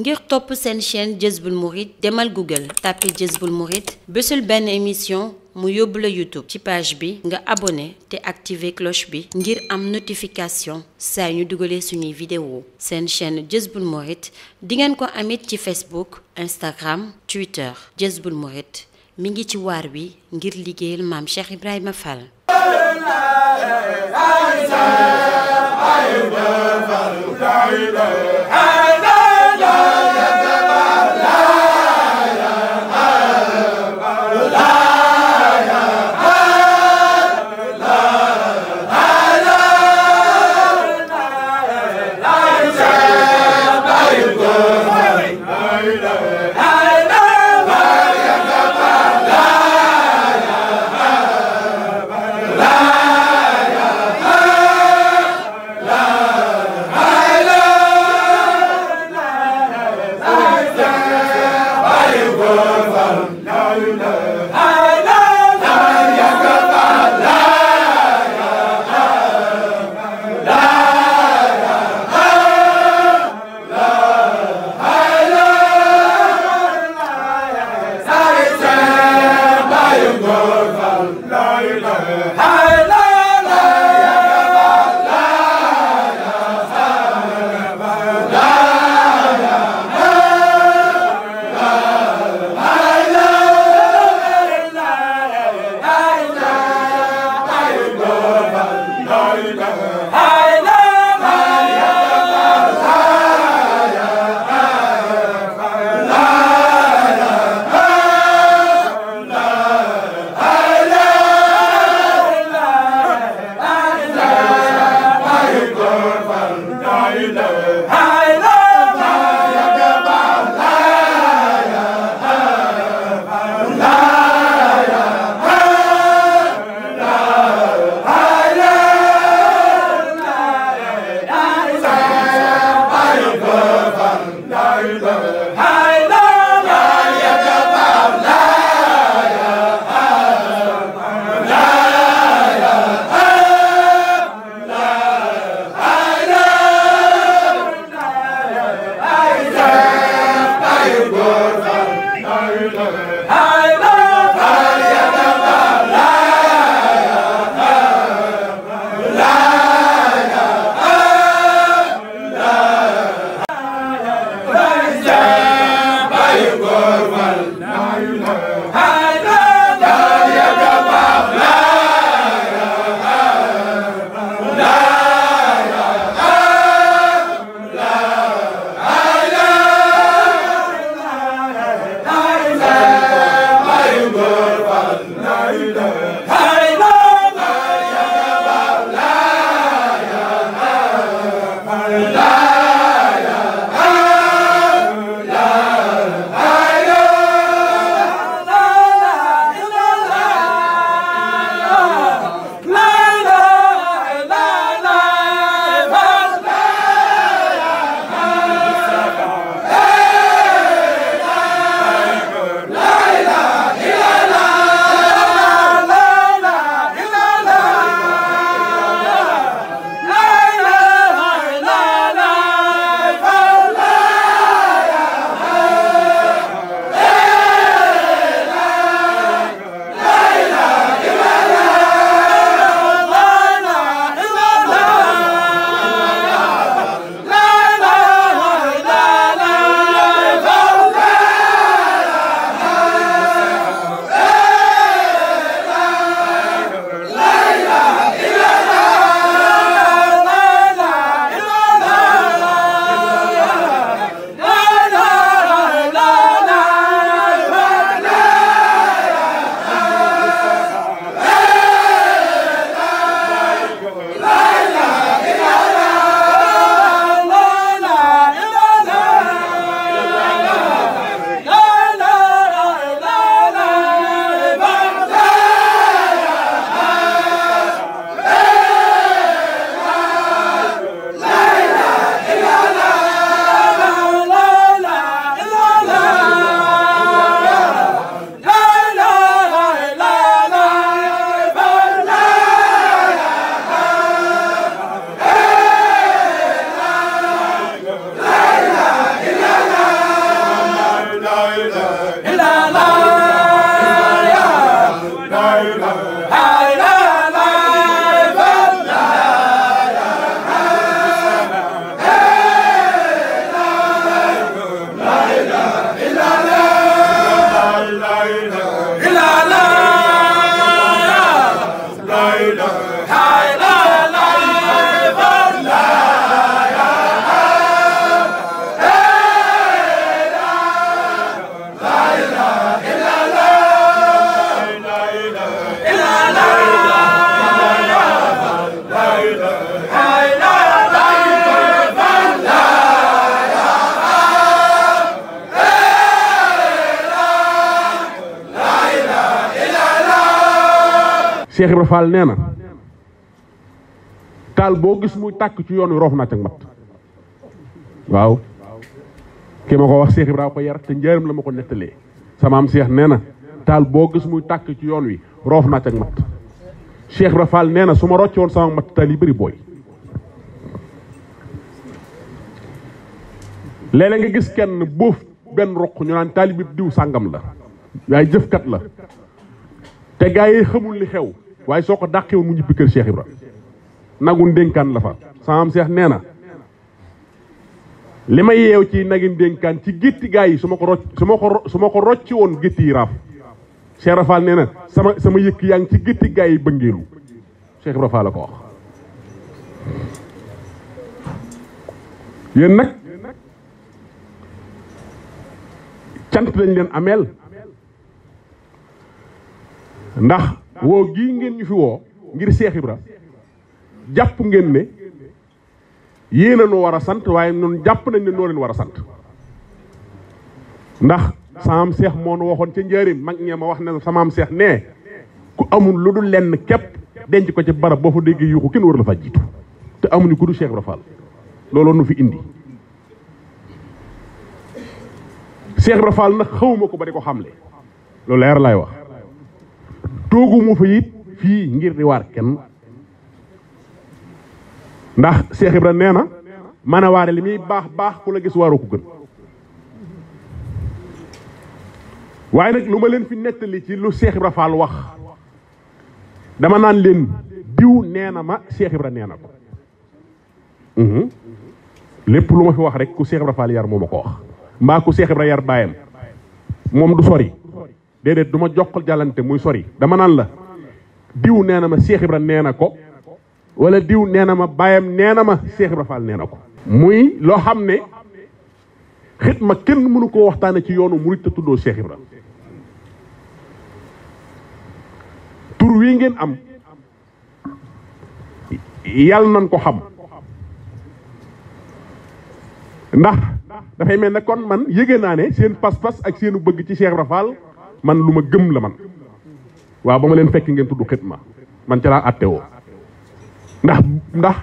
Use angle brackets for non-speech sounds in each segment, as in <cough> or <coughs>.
ngir top sen chaîne Jazboul Mourid demal Google tapez Jazboul Mourid ben ben émission mu yóbbu YouTube ci page bi nga abonné té activer cloche bi ngir am notification sa ñu dugalee suñu vidéo sen chaîne Jazboul Mourid di ngeen ko amit ci Facebook Instagram Twitter Jazboul Mourid mi ngi ci war wi ngir liggéeyal mam Cheikh Ibrahima Fall. nee na taal boo gis muy tàkk ci yoon wi roof naa ca mat waaw ki ma ko wax Cheikh Ibrahima ko yar te njëriñ la ma ko nettalee sama seex nee na taal boo gis muy tàkk ci yoon wi roof naa ca mat Cheikh Ibrahima Fall nee na su ma rocce woon sama mat taal yi bëri booy. léeg-léeg nga gis kenn boof benn roq ñu naan taalib bi diw sàngam la waaye jëfkat la te gaa yi xamul li xew waaye soo ko dàqee woon mu ñibbi kër Cheikh Ibra nagu ndénkaan la fa sama am Cheikh nee na li ma yeew ci nagi ndénkaan ci gétti gaa yi su ma ko rocc su ma ko su ma ko rocci woon gétti yi raaf Cheikh Ibra Fall nee na sama sama yëkk yaa ngi ci gétti gaay yi bëngeelu Cheikh Ibra Fall la ko wax yéen nag cant lañ leen ameel ndax woo gii ngeen ñu fi woo ngir seexib Ibra jàpp ngeen ne yéen a nu war a sant waaye noonu jàpp nañ ne noo leen war a sant ndax samaam seex moo nu waxoon ca njëriñ mag ñee ma wax ne samaam seex nee ku amul lu dul lenn képp denc ko ci barab boo fa déggee yuuxu kenn war la fa jiitu te amuñu ku du Seex Ibra Fall looloo nu fi indi Seex Ibra Fall nag xawuma ko ba di ko xamle lu leer laay wax toogu fa yit fii ngir di waar kenn ndax Cheikh Ibra nee na mën li muy baax baax ku la gis waaroo ko gën waaye nag lu ma leen fi nettali ci lu Cheikh Ibra Fall wax dama naan leen diw nee na ma Cheikh ra nee na ko mhm. lépp lu ma fi wax rek ku Cheikh Ibra Fall yar moo ma ko wax mbaa ku Cheikh Ibra yar baayam moom du sori déedéet du ma jox jàllante muy sori dama naan la diw nee na ma Cheikh Ibra nee na ko wala diw nee na ma bàyyam nee na ma Cheikh Ibra Fall nee na ko muy loo xam ne ma kenn mënu koo waxtaane ci yoonu murit te tuddoo Cheikh Ibra tur wi ngeen am yàlla nañ ko xam ndax dafay mel ne kon man yëge naa ne seen pas-pas ak seenu bëgg ci Cheikh Ibra Fall man lu ma gëm la man waaw ba ma leen fekk ngeen tudd xidma man ca laa àtte woo ndax ndax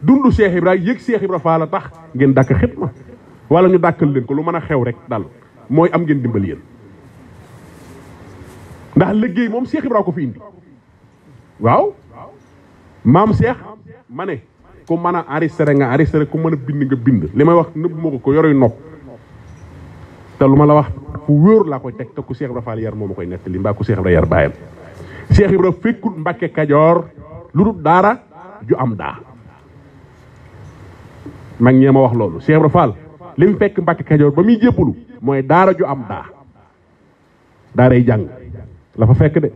dund Cheikh Ibra yëg Cheikh Ibra Fall la tax ngeen dàkk xidma wala ñu dàkkal leen ko lu mën a xew rek daal mooy am ngeen dimbal yéen ndax liggéey moom Cheikh Ibra ko fi indi waaw maam Cheikh ma ne ku man a enregistré nga enregistré ku mën a bind nga bind li may wax nëbb moo ko ko yoroy nopp te luma la wax fu wër la koy tek te ku Cheikh rafal yar moo ma koy nettali mbaa ku Cheikh rafal yar bayam Cheikh Ibra fekkul Mbàkke kadior lu dara ju am da mag ñema wax lolu Cheikh rafal lim fekk Mbàkke kadior ba mi moy dara ju am dara daaray jang la fa fekk de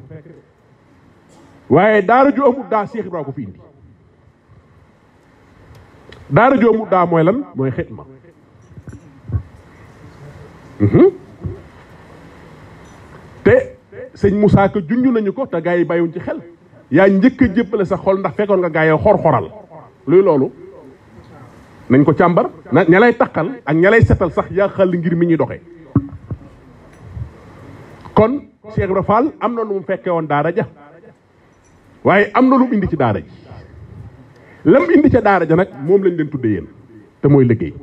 waye dara ju amu da Cheikh Ibra ko fi indi dara ju amu da moy lan moy xitma Mhm. te sëñ Moussa Ka junj nañu ko te gars yi bàyyiwuñ ci xel yaa njëkk a jébbale sa xol ndax fekkoon nga gars yi xor-xoral luy loolu nañ ko càmbar na ña taqal ak ñalay setal sax yaa xal ngir mi ñuy doxe kon Cheikh Ibra am na lu mu fekke woon daara ja waaye am na lu mu indi ci daara ji lam indi ca daara ja nag moom lañ leen tudde yéen te mooy liggéey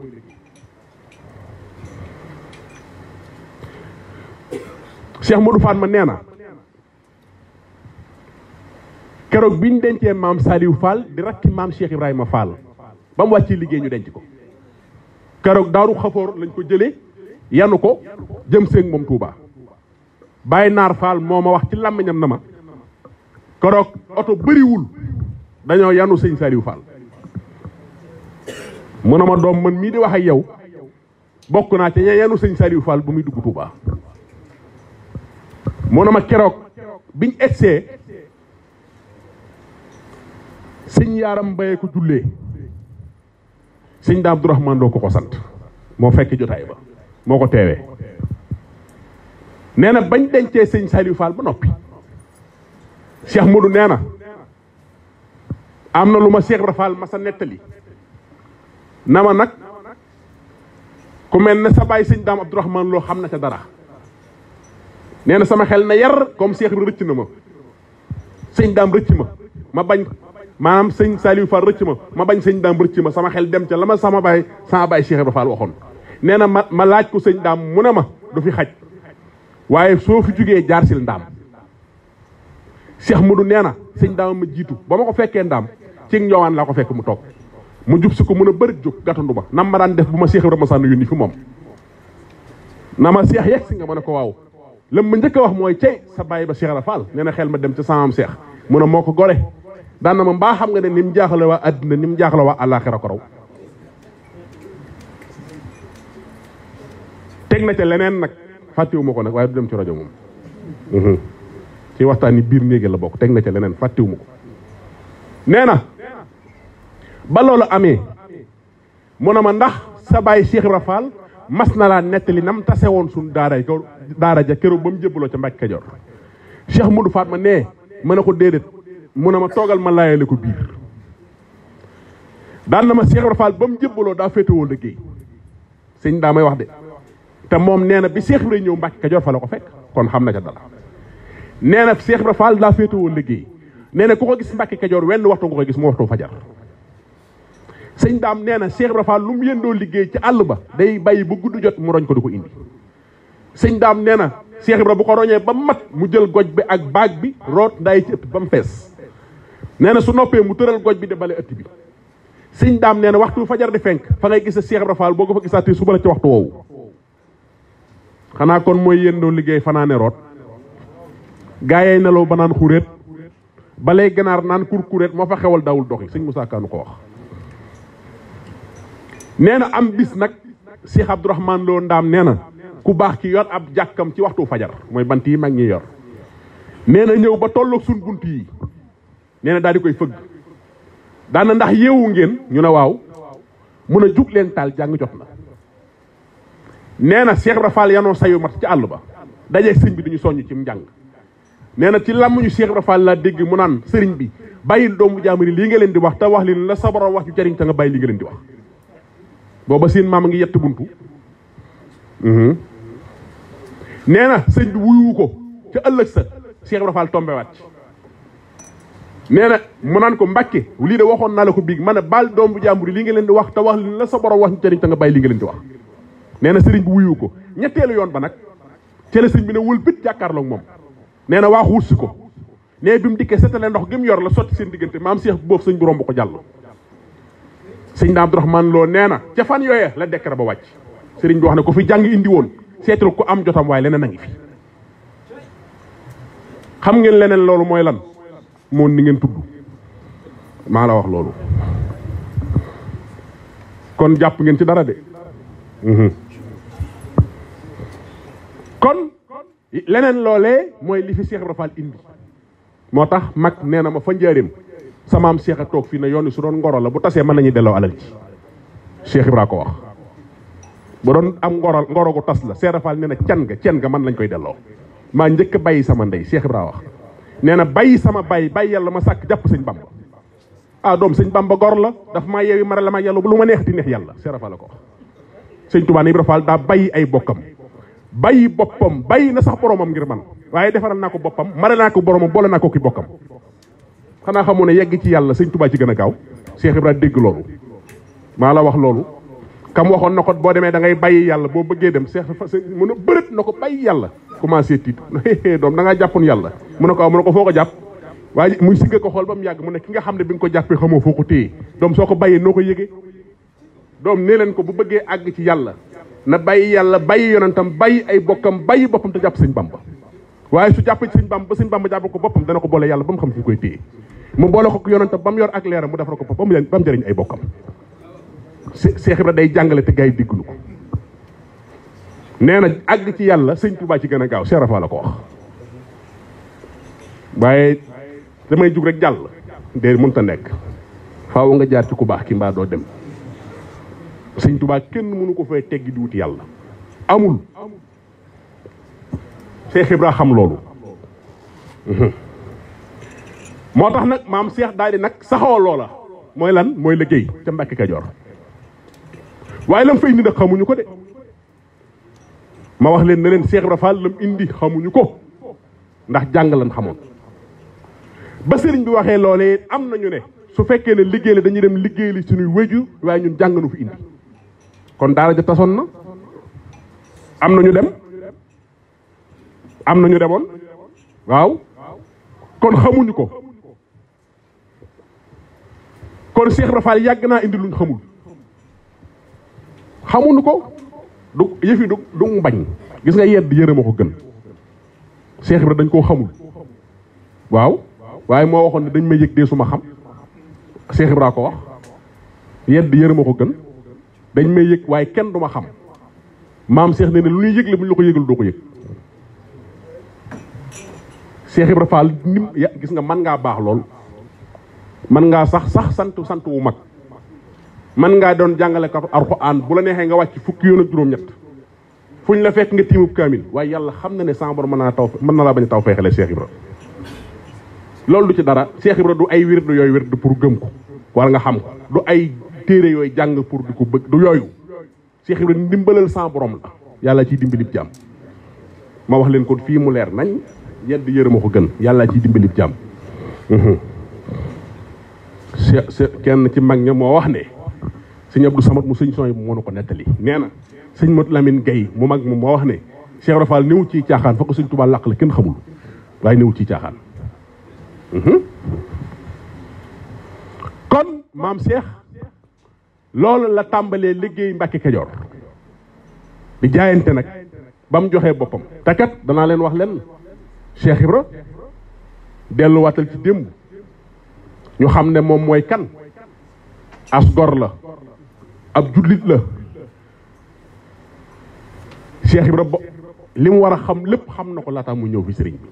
Cheikh Modou Fatma nee na keroog bi ñu dencee Saliou Fall di rakki mam Cheikh Ibrahima Fall bam mu wàccee liggéey ñu denc ko kérok daaru khafor lañ ko jëlé yanu ko jëm seeg mom Touba bay nar Fall moma wax ci làmmiñam nama kérok auto bari wul dañoo yanu sëñ Saliou Fall mu dom man mi di wax ak yow bokku na ci ña yanu Saliou Fall bu mi dugg Touba. moo na ma keroog biñ egsee sëñ yaaram mbayee ko jullee sëñ da Abdourahman loo ko ko sant moo fekk jotaay ba moo ko teewee nee na bañ dencee sëñ Saliou Fall ba noppi Cheikh Modou nee na am na lu ma Cheikh Rafal ma sa nettali na ma nag ku mel ne sa bàyyi sëñ daam Abdourahman loo xam na ca dara neena sama xel na yar comme cheikh bi rëcc na ma sëñ daam rëcc ma ma bañ manam seigne saliou fall rëcc ma ma bañ seigne dam rëcc ma sama xel dem ci lama sama bay, sama bay cheikh ibra fall waxon nee ma ma laaj ko seigne dam mu du fi xaj waye so fi jugge jaar sil ndaam cheikh mudu nee seigne dam ma jitu bama ko fekke ci ñowan la ko fekk mu tok mu jup su ko bëri jup ba nam ma daan def bu cheikh ibra masaan yónni fi mom nama cheikh yex nga lam ma njëkk a wax mooy cey sa baay ba Cheikh Rafal nee na xel ma dem ca samam seex mu ne moo ko gore daan na ma mbaa xam nga ne ni mu jaaxale waa addina ni mu jaaxale waa àllaaxira ko raw teg na ca leneen nag fàttewuma ko nag waaye du dem ci rajo moom mhm. ci waxtaan yi biir néegi la bokk teg na ca leneen fàttewuma ko nee na ba loolu amee mu ne ma ndax sa bàyyi Cheikh Rafal mas na laa nettali nam tase woon suñu daaray kaw daara ja keroog ba mu jébbaloo ca Mbàkke Kajoor Cheikh Modou Fatma nee ma ne ko déedéet mu ne ma toogal ma laayale ko biir daan na ma Cheikh Ibra Fall ba mu jébbaloo daa féetewoo liggéey sëñ daa may wax de te moom nee na bi Cheikh rey ñëw Mbàkke Kajoor fa la ko fekk kon xam na ca dara nee na seex Ibra Fall daa féetewoo liggéey nee na ku ko gis Mbàkke Kajoor wenn waxtu nga ko gis mu waxtu fajar sëñ daam nee na Cheikh Ibra Fall lu mu yëndoo liggéey ci àll ba day bàyyi ba gudd jot mu ko di ko indi sëñ daam nee na Cheikh Ibra bu ko roñee ba mat mu jël goj bi ak baag bi root ndaay ci ëtt ba mu fees nee na su noppee mu tëral goj bi de bale ëtt bi sëñ daam nee na waxtu fajar di fenk fa ngay gis a Cheikh Ibra boo ko fa gisaatee suba la ci waxtu woowu xanaa kon mooy yendoo liggéey fanaane root gaayay nelaw ba naan xuréet balay ganaar naan kur kuréet moo fa xewal daawul doxi sëñ Moussa Kaanu ko wax nee na am bis nag Cheikh Abdourahmane ndaam nee na ku bax ki yor ab jakam ci waxtu fajar moy banti mag ñi yor neena ñew ba tollu suñ bunt yi nee daal di koy da na ndax yewu ngeen ñu na waw mu na juk leen tal jang jot na neena Cheikh rafal yano sayu mat ci allu ba dajé señ bi duñu soñu ci mjang neena ci lamu ñu Cheikh rafal la degg mu nan señ bi bayil doomu jaamari li nga leen di wax ta wax li la sa wax ci jariñ ta nga li nga leen di wax boba seen mam nga yett buntu mhm. nee na sëñ bi wuyu ko ca ëllëg sa Cheikh Ibra Fall tombé waat nee na mu naan ko mbàkke lii de waxoon naa la ko biig ma ne baal doom bu jàmbur li nga leen di wax te wax li la sa borom wax ñu jëriñ te bay bàyyi li nga wax nee na sëriñ bi wuyu ko ñetteelu yoon ba nag ca sëñ bi ne wul bit jàkkaarloog moom nee na waax si ko nee bi mu dikkee setale ndox gi yor la sotti seen diggante maam Cheikh boobu sëñ bi romb ko jàll sëñ Abdourahmane Lo nee na ca fan yooyee la dekkar ba wàcc sëriñ bi wax ne ko fi jàng indi woon seetul ku am jotam waaye leneen a ngi fi xam ngeen leneen loolu mooy lan moom ni ngeen tudd maa la wax loolu kon jàpp ngeen ci dara de mhm. kon leneen loole mooy li fi Cheikh Ibra Fall indi moo tax mag nee na ma fa njaareem samaam Cheikh a toog fii ne yoon wi su doon ngoro la bu tasee ma nañu delloo alal ji Cheikh Ibra ko wax bu doon am ngoro ngoro gu tas la Seera Faal nee na can ga can nga man lañ koy delloo maa njëkk a bàyyi sama ndey Cheikh Ibra wax nee na bàyyi sama bàyyi bàyyi yàlla ma sàkk jàpp sëñ Bamba ah doom sëñ Bamba gor la daf maa yeewi mara la ma yàlla lu ma neex di neex yàlla Seera Faal la ko wax sëñ Tuubaa ne Ibra Faal daa bàyyi ay bokkam bàyyi boppam bàyyi na sax boromam ngir man waaye defaral naa ko boppam mara naa ko boromam boole naa ko ki bokkam xanaa xamoo ne yegg ci yàlla sëñ Tuubaa ci gën a gaaw Cheikh Ibra dégg maa la wax loolu kam waxon nako bo demé da ngay bayyi yalla bo bëggé dem cheikh mënu bëreut nako bayyi yalla commencé tit <laughs> dom da nga jappun yalla mënako ko foko japp waye muy sigge ko xol bam yag mu ne ki nga xamné bi ko jappé xamo foko téy dom soko bayé noko yégué dom né len ko bu bëggé ag ci yalla na bayyi yalla bayyi yonentam bayyi ay bokkam bayyi bopam ta japp señ bamba waye su jappé señ bamba señ bamba japp ko bopam dana ko bolé yalla bam xam fi koy téy mu bolé ko yonentam bam yor ak léra mu dafar ko bam bam jariñ ay bokkam Cheikh Ibra day jàngale te gars yi ko nee na àgg ci yàlla sëñ Tuubaa ci gën a gaaw Cheikh Rafa la ko wax waaye damay jug rek jàll dee mënta nekk faaw nga jaar ci ku baax ki mbaa doo dem sëñ tubaa kenn mënu ko fay teggi di wuti yàlla amul Cheikh Ibra xam loolu mhm. moo tax nag maam seex daal di nag saxoo loola mooy lan mooy liggéey ca Mbàkke Kajoor waaye lam fa indi nag xamuñu ko de ma wax leen ne leen Cheikh Ibra Fall lam indi xamuñu ko ndax jàng lan xamoon ba sëriñ bi waxee loolee am nañu ne su fekkee ne liggéey la dañuy dem liggéey li suñuy wéju waaye ñun jàng nu fi indi kon daara ja tasoon na am na ñu dem am na ñu demoon waaw kon xamuñu ko kon Cheikh Ibra yàgg naa indi luñ xamul xamuñu ko du yefi du du bañ gis nga yedd yërëma ko gën cheikh ibrahim dañ ko xamul waw waye mo waxon dañ may yek de suma xam cheikh ibrahim ko wax yedd yërëma ko gën dañ may yek waye kenn duma xam mam cheikh nee ne lu ñuy yëgle bu ñu la ko yegul doo ko yek cheikh ibrahim fall ya, gis nga man nga bax lool man nga sax sax sant sant wu mag man nga don jangale ko alquran bu la nexe nga wacc fukki yoon ak juróom ñet fuñ la fek nga tiimub kamil way yalla xam na ne sàmbar man na taw man na la bañ taw feexale Cheikh Ibra lolou du ci dara Cheikh Ibra du ay wirdu yooyu wirdu pour gem ko wala nga xam ko du ay téré yoy jang pour du ko bëgg du yooyu Cheikh Ibra dimbalal sa borom la yàlla ciy dimbalib jam ma wax len ko fi mu leer nañ yedd yërëma ko gën kenn ci mag wax ne seigne abdou samad mu seigne soye mo ko netali neena seigne mot lamine gay mu mag mu wax ne cheikh rafal neew ci tiaxan fa ko seigne touba lak la ken xamul way neew ci tiaxan mhm. kon mam cheikh lolu la tambale liggey mbacke kedior di jaayante nak bam joxe bopam takat dana len wax len cheikh ibra delu watal ci demb ñu xamne mom moy kan asgor la ab julit la Cheikh ibrahim bo wara xam lepp xam nako lata mu ñew fi serigne bi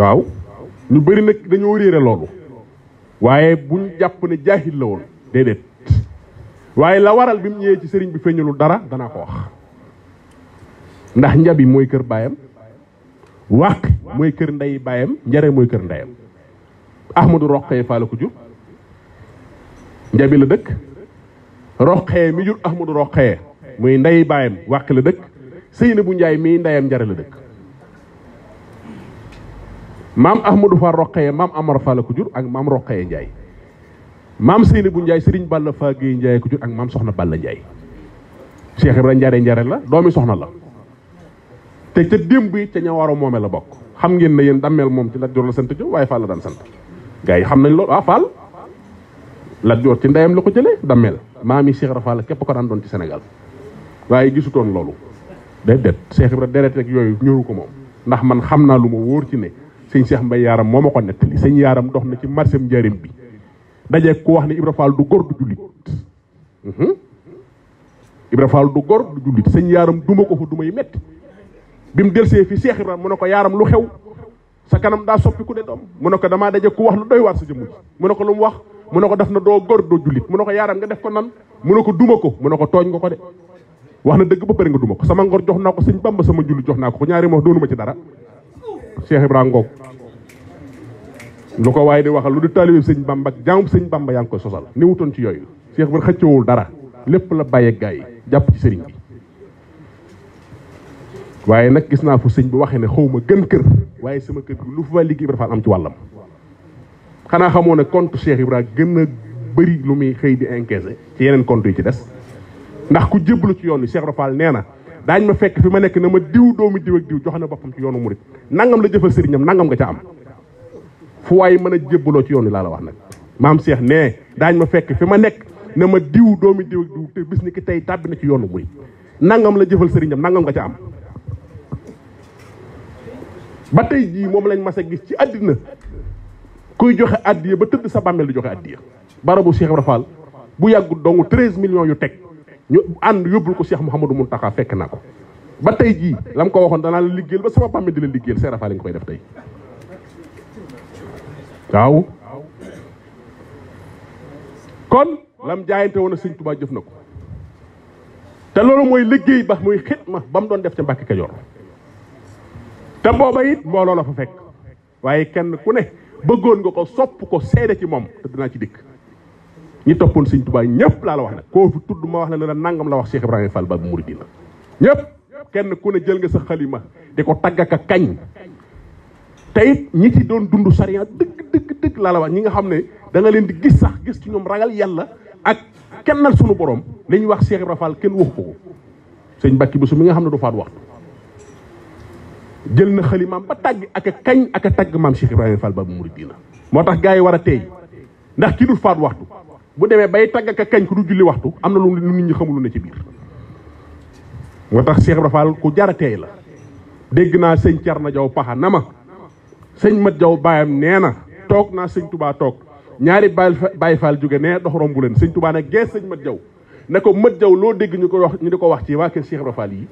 waaw ñu bari nak dañu réere lolu waye buñu japp ne jahil la won dedet waye la waral bimu mu ci serigne bi feeñulu dara dana ko wax ndax njabi moy kër bayam wàq moy kër nday bayam njare moy kër ndayam ahmadou rokhay njabi la dekk roqee mi jur ahmadu roqee muy ndey baayam wàq la dëkk Seynabou Njaay mii ndeyam njare la dëkk maam ahmadu fa roqee maam amar fa la ko jur ak maam roqee Njaay maam bu Njaay sëriñ Balla fa géey Njaay ko jur ak maam soxna Balla Njaay Cheikh Ibrahima njare njare la doomi soxna la te ca démb yi ca ña waro moome la bokk xam ngeen ne yéen dammeel moom ci la jor la sant jo waaye Fall la daan sant gars xam nañ loolu ah Fall Lat Joor ci ndeyam la ko jëlee dammel maam yi Cheikh Ibra Fall képp ko daan doon ci Sénégal waaye gisutoon loolu déedéet Cheikh Ibra deret rek yooyu ñëwu ko moom ndax man xam naa lu ma wóor ci ne sëñ Cheikh Mbay Yaaram moo ma ko nettali sëñ Yaaram dox na ci marché njëriñ bi dajeeg ku wax ne Ibra Fall du góor du jullit mhm. Ibra Fall du góor du jullit sëñ Yaaram duma ko fa duma yi metti bi mu delsee fi Cheikh Ibra mu ne ko Yaaram lu xew sa kanam daa soppi ku ne doom mu ko damaa dajeeg ku wax lu doy waar sa jëmm ko lu mu wax mu ne ko def na doo góor doo mu ne ko yaaram nga def ko nan mu ne ko duma ko mu ne ko tooñ nga ko de wax na dëgg ba bëri nga duma ko sama ngor jox naa ko sëñ bamba sama jullit jox naa ko ñaari mo doonuma ci dara cheikh ibrahim ngoog lu ko di waxal lu di sëñ bamba ak sëñ bamba yaa ngi sosal ni wutoon ci yooyu cheikh bi xëccewul dara lépp la baye gaa jàpp ci sëriñ bi waaye nag gis naa fu sëñ bi waxee ne xawma gën kër waaye sama kër lu fa liggéey am ci wàllam xanaa xamoo ne compte Cheikh Ibra gën a bëri lu muy xëy di encaissé ci yeneen compte yi ci des ndax ku jébbalu ci yoon wi Cheikh Ibra nee na daañ ma fekk fi ma nekk na ma diw doomu diw ak diw jox na boppam ci yoonu murit nangam la jëfal sëriñam nangam nga ca am fu waaye mën a jébbaloo ci yoon wi laa wax nag maam Cheikh nee daañ ma fekk fi ma nekk na ma diw doomu diw ak diw te bis ni ki tey tàbbi na ci yoonu murit nangam la jëfal sëriñam nangam nga ca am ba tey jii moom lañ mas gis ci àddina kuy joxe addiya ba tëdd sa bàmmeel di joxe addiya barabu Cheikh Ibra Fall bu yàggul dong 13 millions yu teg ñu ànd yóbbul ko seex Cheikh Mouhamadou taxaa fekk naa ko ba tey jii la mu ko waxoon danaa la liggéeyal ba sama bàmmeel di la liggéeyal Cheikh Ibra Fall nga koy def tey waaw kon lam jaayante woon a sëñ Tuubaa jëf na ko te loolu mooy liggéey ba muy xidma ba mu doon def ca Mbàkke Kajoor te booba it mbooloo la fa fekk waaye kenn ku ne bëggoon nga ko sopp ko seede ci moom te dinaa ci dikk ñi toppoon sëñ Tuubaa ñëpp laa la wax nag koo tudd ma wax la ne la nangam la wax Cheikh ibrahim Fall ba muridina ñëpp kenn ku ne jël nga sa xalima di ko tagg ak kañ te it ñi ci doon dund sariya dëgg dëgg dëgg laa la wax ñi nga xam ne da nga leen di gis sax gis ci ñoom ragal yàlla ak kennal sunu borom li wax Cheikh ibrahim Fall kenn wax ko ko sëñ bu su mi nga xam du faat waxtu jël na xalimaam ba tag ak kagn ak tag mam Cheikh ibrahim Fall Babu Mouridina motax gaay wara tey ndax ki dul faat waxtu bu deme bay tag ak kagn ku du julli waxtu amna na lu nit ñi xamul ne ci bir motax Cheikh ibrahim Fall ku jara tey la degg na seigne jaw paha na seigne mat jaw. bayam neena tok na seigne Touba tok ñaari Baye Fall juge ne dox rombu len seigne Touba ne ge seigne Mat jaw ne Mat jaw lo degg ñu wax ñu diko wax ci wa ke Cheikh ibrahim Fall yi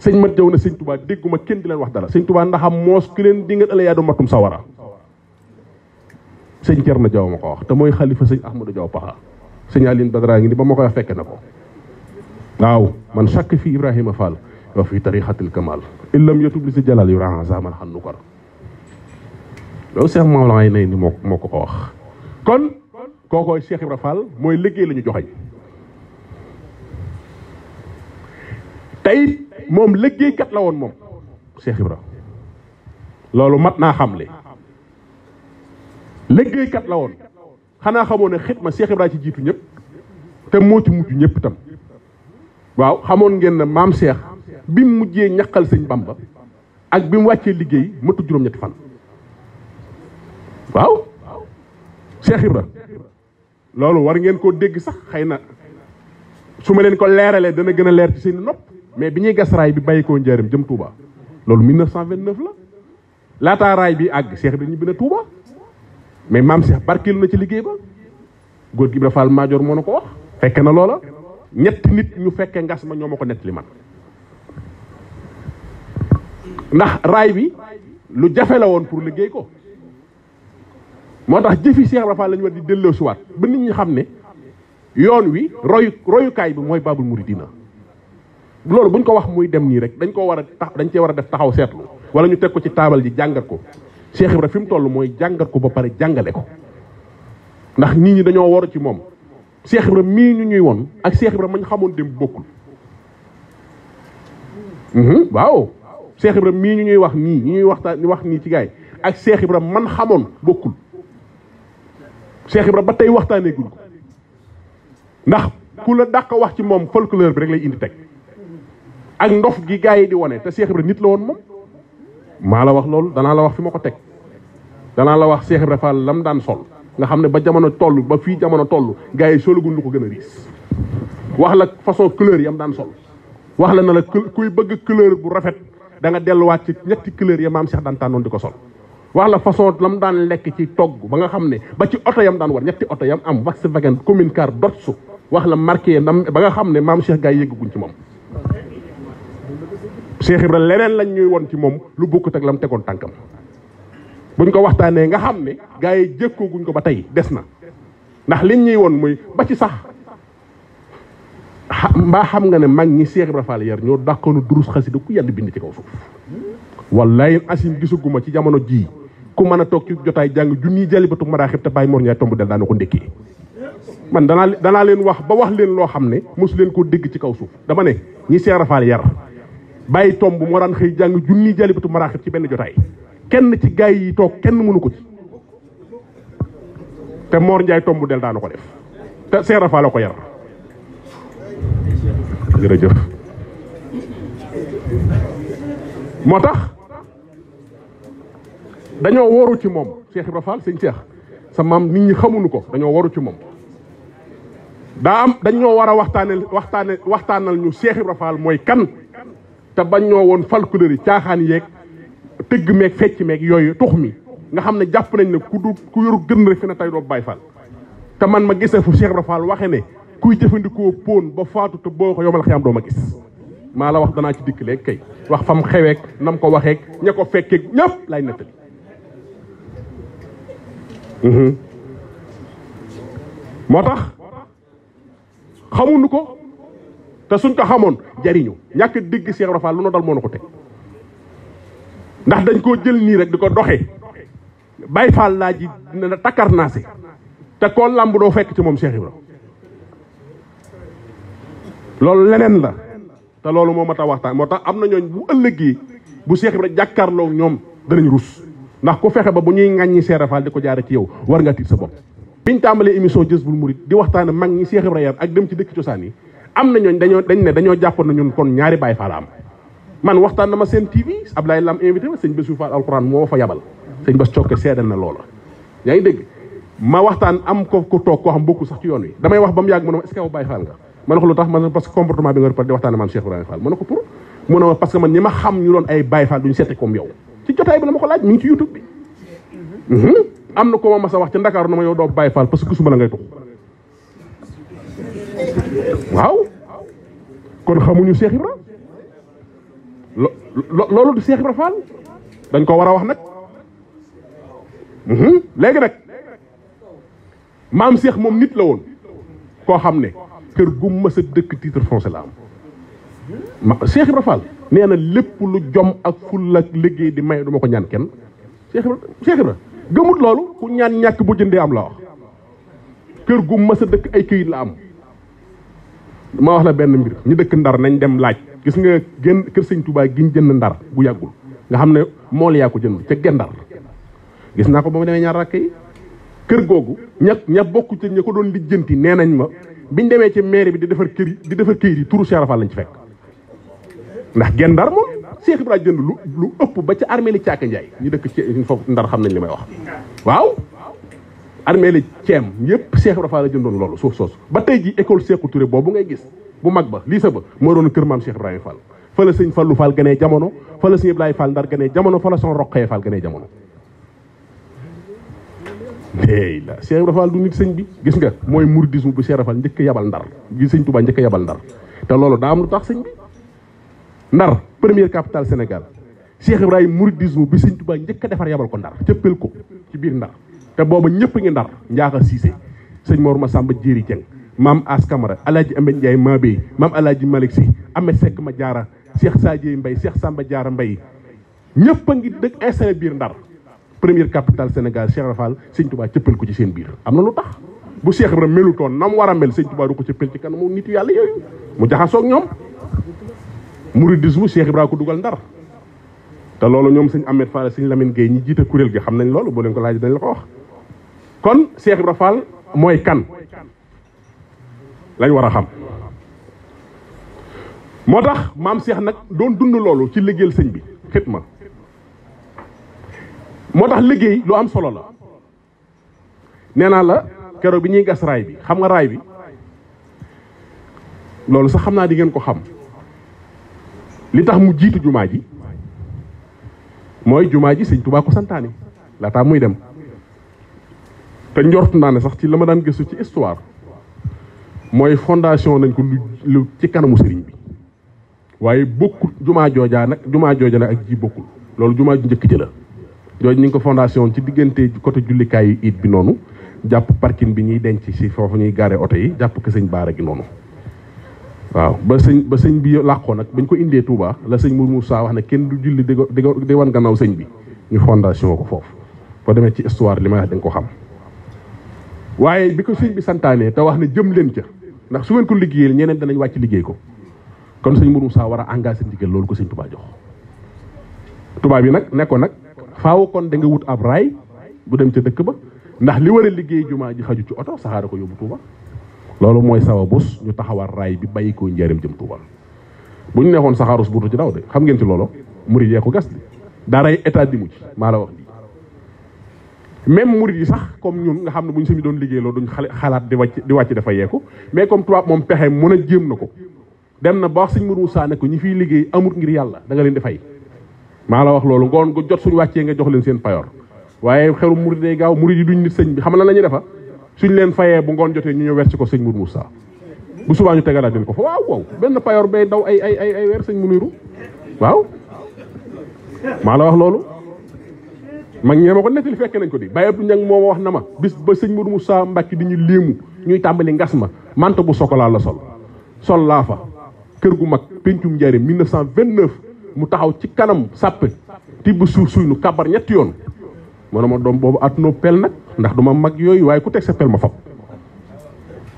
sëñ mat jaw na sëñ tubaa dégguma kenn di leen wax dara sëñ tubaa ndaxam moos ki leen di nga ëllëg yaa du matum sawara sëñ Cerno Jaw ma ko wax te mooy xalifa sëñ Ahmadou Jaw Paxa sëñ Aline Badara ngi ni ba ma koy fekke na ko waaw man chaque fii Ibrahima Fall wa fi tariqatil kamal illam yatub li si jalal yu raxasaman xam nu kor loolu Cheikh Maolana nay ni moo ko ko wax kon kookooy Cheikh Ibra Fall mooy liggéey la ñu joxeñ tey moom liggéeykat la woon moom Cheikh Ibra loolu mat naa xam li liggéeykat la woon xanaa xamoo ne xidma ma Ibra ci jiitu ñëpp te moo ci mujj ñëpp itam waaw xamoon ngeen ne maam Cheikh bi mu mujjee ñaqal sëñ Bamba ak bi mu wàccee liggéey matu juróom-ñetti fan waaw Cheikh loolu war ngeen koo dégg sax xëy na su ma leen ko leeralee dana gën a leer ci seen nopp mais bi ñuy gas raay bi bàyyikoo njaarim jëm Touba loolu 1929 la laataa raay bi àgg Cheikh bi ñibbi na Touba mais maam Cheikh barkeel na ci liggéey ba góor gi Ibra Fall moo na ko wax fekk na loola ñetti nit ñu fekkee ngas ma ñoo ma ko nettali man ndax raay bi lu jafe la woon pour liggéey ko moo tax jëfi Cheikh Ibra Fall la ñu war di delloo siwaat ba nit ñi xam ne yoon wi royu royukaay bi mooy Babul Mouridina loolu buñ ko wax muy dem nii rek dañ koo war a tax dañ cee war a def taxaw seetlu wala ñu teg ko ci taabal ji jàngat ko Cheikh Ibra fi mu toll mooy jàngat ko ba pare jàngale ko ndax nit ñi dañoo waru ci moom Cheikh Ibra mii ñu ñuy woon ak Cheikh Ibra mañ xamoon dem bokkul mhm, waaw Cheikh Ibra mii ñu ñuy wax nii ñuy waxtaan wax nii ci gaay ak Cheikh Ibra man xamoon bokkul Cheikh Ibra tey waxtaanee guñ ko ndax ku la wax ci moom folklore bi rek lay indi teg ak ndof gi gaay di woné té cheikh ibrahim nit la won mom maa la wax loolu danaa la wax fi ma tek la wax cheikh ibrahim lam daan sol nga xamné ne ba jamono tollu ba fi jamono tollu gaay solo solagun ko gëna ris wax la façon couleur yam daan sol wax la na la kuy bëgg couleur bu rafet da nga wat ci ñetti couleur ya am cheikh daan tanon diko sol wax la façon lam daan lek ci togg ba nga xamné ba ci auto yam daan war ñetti auto yam am Volkswagen commune car dotsu wax la marqué ba nga xamné ne cheikh gaay yëgguñ ci mom cheikh ibra leneen lañ ñuy won ci mom lu bokkut ak lam tekkon tankam buñ ko waxtane nga xam gaay gars guñ ko ba tay desna ndax liñ ñuy won muy ba ci sax ah, ba xam nga ne mag ñi cheikh ibra fall yar ñoo dakkonu durus xasida ku yalla bind ci kaw suuf wallahi asim gisuguma ci jamono ji ku mën a toog ci jotaay jàng junniy jalibatu maraaxib te bàyyi mor ñaay tombu del daana ko ndekki man danaa danaa len wax ba wax len lo xamne musulen ko deg ci kaw suuf dama ne ñi cheikh ibra fall yar bàyyi tomb moo daan xëy jàng junni jalibatu maraxit ci ben jotay kenn ci gay yi tok kenn munu ko ci te Mor Ndiaye tombu del daan ko def te Seera Faal lako yar gëra jëf motax dañoo woru ci mom Cheikh Ibra Fall Cheikh sa mam nit ñi xamuñu ko dañoo woru ci mom da am dañoo wara waxtane waxtane waxtanal ñu Cheikh ibrahim Fall kan te bañ ñoo woon falkuleer yi caaxaan yeeg tëgg meeg fecc meeg yooyu tux mi nga xam ne jàpp nañ ne ku du ku yoru gën rek fi na tay doo Baay Faal te man ma gisee fu Cheikh Ibra Fall waxe ne kuy jëfandikoo póon ba faatu te boo ko yomal xiyam doo ma gis maa la wax danaa ci dikk léegi kay wax fam xeweeg nam ko waxeeg ña ko fekkeeg ñëpp lay nettali mhm. moo tax xamuñu ko te suñ ko xamoon jariñu ñàkk dégg Cheikh Rafa lu no dal moo ko teg ndax dañ koo jël nii rek di ko Bay bàyyi faal laa ji na takkar naase te koo làmb doo fekk ci moom Cheikh Ibrahim loolu leneen la te loolu moo ma waxtaan moo tax am na bu ëllëgee bu Cheikh jàkkaarloo ñoom danañ rus ndax ku fexe ba bu ñuy ŋàññi Cheikh Rafa di ko jaare ci yow war nga tiit sa bopp biñ tàmbalee émission di waxtaan mag ñi Cheikh Ibrahim ak dem ci dëkk cosaan am na ñooñ dañoo dañ ne dañoo japp na ñun kon ñaari Baye Fall am man waxtaan na ma seen TV Abdoulaye Lam invité ma seigne bassou Fall alcorane mo fa yabal seigne Bass Cokke sédal na loola ya ngi dégg ma waxtaan am ko ko tok ko xam bokku sax ci yoon wi damay wax bam yag yàgg est-ce que bay Fall nga man ne ko lu man parce que comportement bi nga par di waxtaan man Cheikh ibrahim Fall ma ko pour mu ne parce que man ñima xam ñu doon ay bay Fall duñu sété comme yow ci jotay bi lama ko laaj mi ci YouTube bi hmm amna ko ma mas wax ci dakar no ma yow do bay Fall parce que gisuma la ngay tok waaw kon xamuñu Cheikh Ibra lo loolu du Cheikh Ibra Fall dañ ko war a wax nag mhm. léegi nag maam Cheikh moom nit la woon koo xam ne kër gu mës a dëkk titre foncier la am ma Cheikh Ibra Fall nee na lépp lu jom ak ful ak liggéey di may du ma ko ñaan kenn Cheikh Ibra Cheikh Ibra gëmut loolu ku ñaan ñàkk bu jëndee am la wax kër gu mës a dëkk ay këyit la am ma wax la benn mbir ñu dëkk ndar nañ dem laaj gis nga génn kër sëñ tubaay gi jënd ndar bu yàggul nga xam ne mool yaa ko jënd ca gendar gis naa ko ba mu demee ñaar rakk yi kër googu ña ña bokku ci ña ko doon lijjanti nee nañ ma ñu demee ci mairie bi di defar kër di defar kër yi turu Cheikh Rafal lañ ci fekk ndax gendar moom Cheikh Ibrahima jënd lu lu ëpp ba ca armée li Caaka Njaay ñu dëkk ci foofu ndar xam nañ li may wax waaw armée la ceem yëpp Cheikh Ibra Fall la jëndoon loolu suuf soosu ba tey ji école Sékou Touré boobu ngay gis bu mag ba lii sa ba moo doon kër maam Cheikh Ibrahima Fall fa la sëñ Fallou Fall ganee jamono fa la sëñ Ibrahima Fall ndar ganee jamono fa soo son roqee Fall ganee jamono déy la Cheikh Ibrahima du nit sëñ bi gis nga mooy mouridisme bu Cheikh Ibrahima njëkk yabal ndar gi sëñ Touba njëkk a yabal te loolu daa am lu tax sëñ bi ndar première capitale Sénégal Cheikh Ibrahima mouridisme bi sëñ Touba njëkk defar yabal ndar cëppel ko ci biir ndar te booba ñëpp ngi ndar njaaxa siise sëñ war Mor Massamba Jéeri Jeng maam As Camara alaaji Amet Ndiaye Mabé maam alaaji Malick Si Amet Seck ma jaara Cheikh Sadie mbay Cheikh Samba Jaara mbay ñëpp a ngi dëkk installé biir ndar première capitale senegal Cheikh Rafal sëñ Touba cëppal ko ci seen biir am na lu tax bu Cheikh Ibrahima melutoon nam war a mel sëñ Touba du ko cëppal ci kanamu nitu yàlla yooyu mu jaxasoog ñoom mouridisme Cheikh Ibrahima ko dugal ndar te loolu ñoom sëñ Ahmed Fall sëñ Lamine Gueye ñi gi xam nañ loolu boo ko laaj dañ la ko wax kon Cheikh ibrahim Fall moy kan lañ wara xam motax mam Cheikh nak doon dund lolu ci liggéeyal sëñ bi xitma motax lu am solo la nee la keroog bi ñi gas ray bi xam nga ray bi lolu sax xamna di ngeen ko xam li tax mu jitu jumaaji moy jumaaji touba ko santane la ta muy dem te njort naa ne sax ci la ma daan gisu ci histoire mooy fondation nañ ko lu ci kanamu sëriñ bi waaye bokkul jumaa joojaa nag jumaa jooja nag ak ji bokkul loolu jumaa ju njëkk ji la jooju ñu ko fondation ci diggante jullikaay yi it bi noonu jàpp parking bi ñuy denc si foofu ñuy gaare oto yi jàpp ko sëñ baara gi noonu waaw ba sëñ ba sëñ bi làqoo nag bañ ko indee Touba la sëñ Mour saa wax ne kenn du julli di di wan gannaaw sëñ bi ñu fondation ko foofu boo demee ci histoire li may ko xam waaye bi ko sëñ bi santaane te wax ne jëm leen ca ndax su ngeen ko liggéeyal ñeneen danañ wàcc liggéey ko kon sëñ Mourou saa war a engagé ndigal loolu ko sëñ Touba jox Touba bi nag nekkoon nag faaw kon da nga wut ab raay bu dem ca dëkk ba ndax li war liggéey jumaa ji xaju ci oto saxaara ko yóbbu Touba loolu mooy sawa sababus ñu taxawal raay bi bàyyi ko njaareem jëm Touba bu ñu neexoon saxaarus buutu ci daw de xam ngeen ci loolu murid yee ko gas di daa ray di mu ci la wax même mourid yi sax comme ñun nga xamne ne bu doon liggéey lo duñ xalaat di wacc di wacc dafa yeeku mais comme tubaab mom pexé mëna jëm nako dem na ba wax Mourou sa nak ñi fi liggéey amut ngir yalla da nga leen di fay ma la wax lolu ngon ko jot suñu wàccee nga jox leen seen payor waye xéru mouride day gaaw mouride yi duñ nit sëñ bi xam na la defa suñ leen fayé bu ngon joté ñu wër ci ko sëñ Mourou sa bu suba ñu tégalat leen ko fa waaw waaw ben payor bay daw ay ay ay wër weer sëñ waaw ma la wax lolu mag ñema ko netti fekk nañ ko di baye ñang wax na ma bis ba señ mu musa mbacki di ñu limu ñuy tambali ngas ma manto bu sokola la sol sol la fa kër gu mag pentum jari 1929 mu taxaw ci kanam sappe tibb suuf suynu kabar bob yoon mo dom bobu atno pel nak ndax duma mag yoy way ku tek sa pel ma fop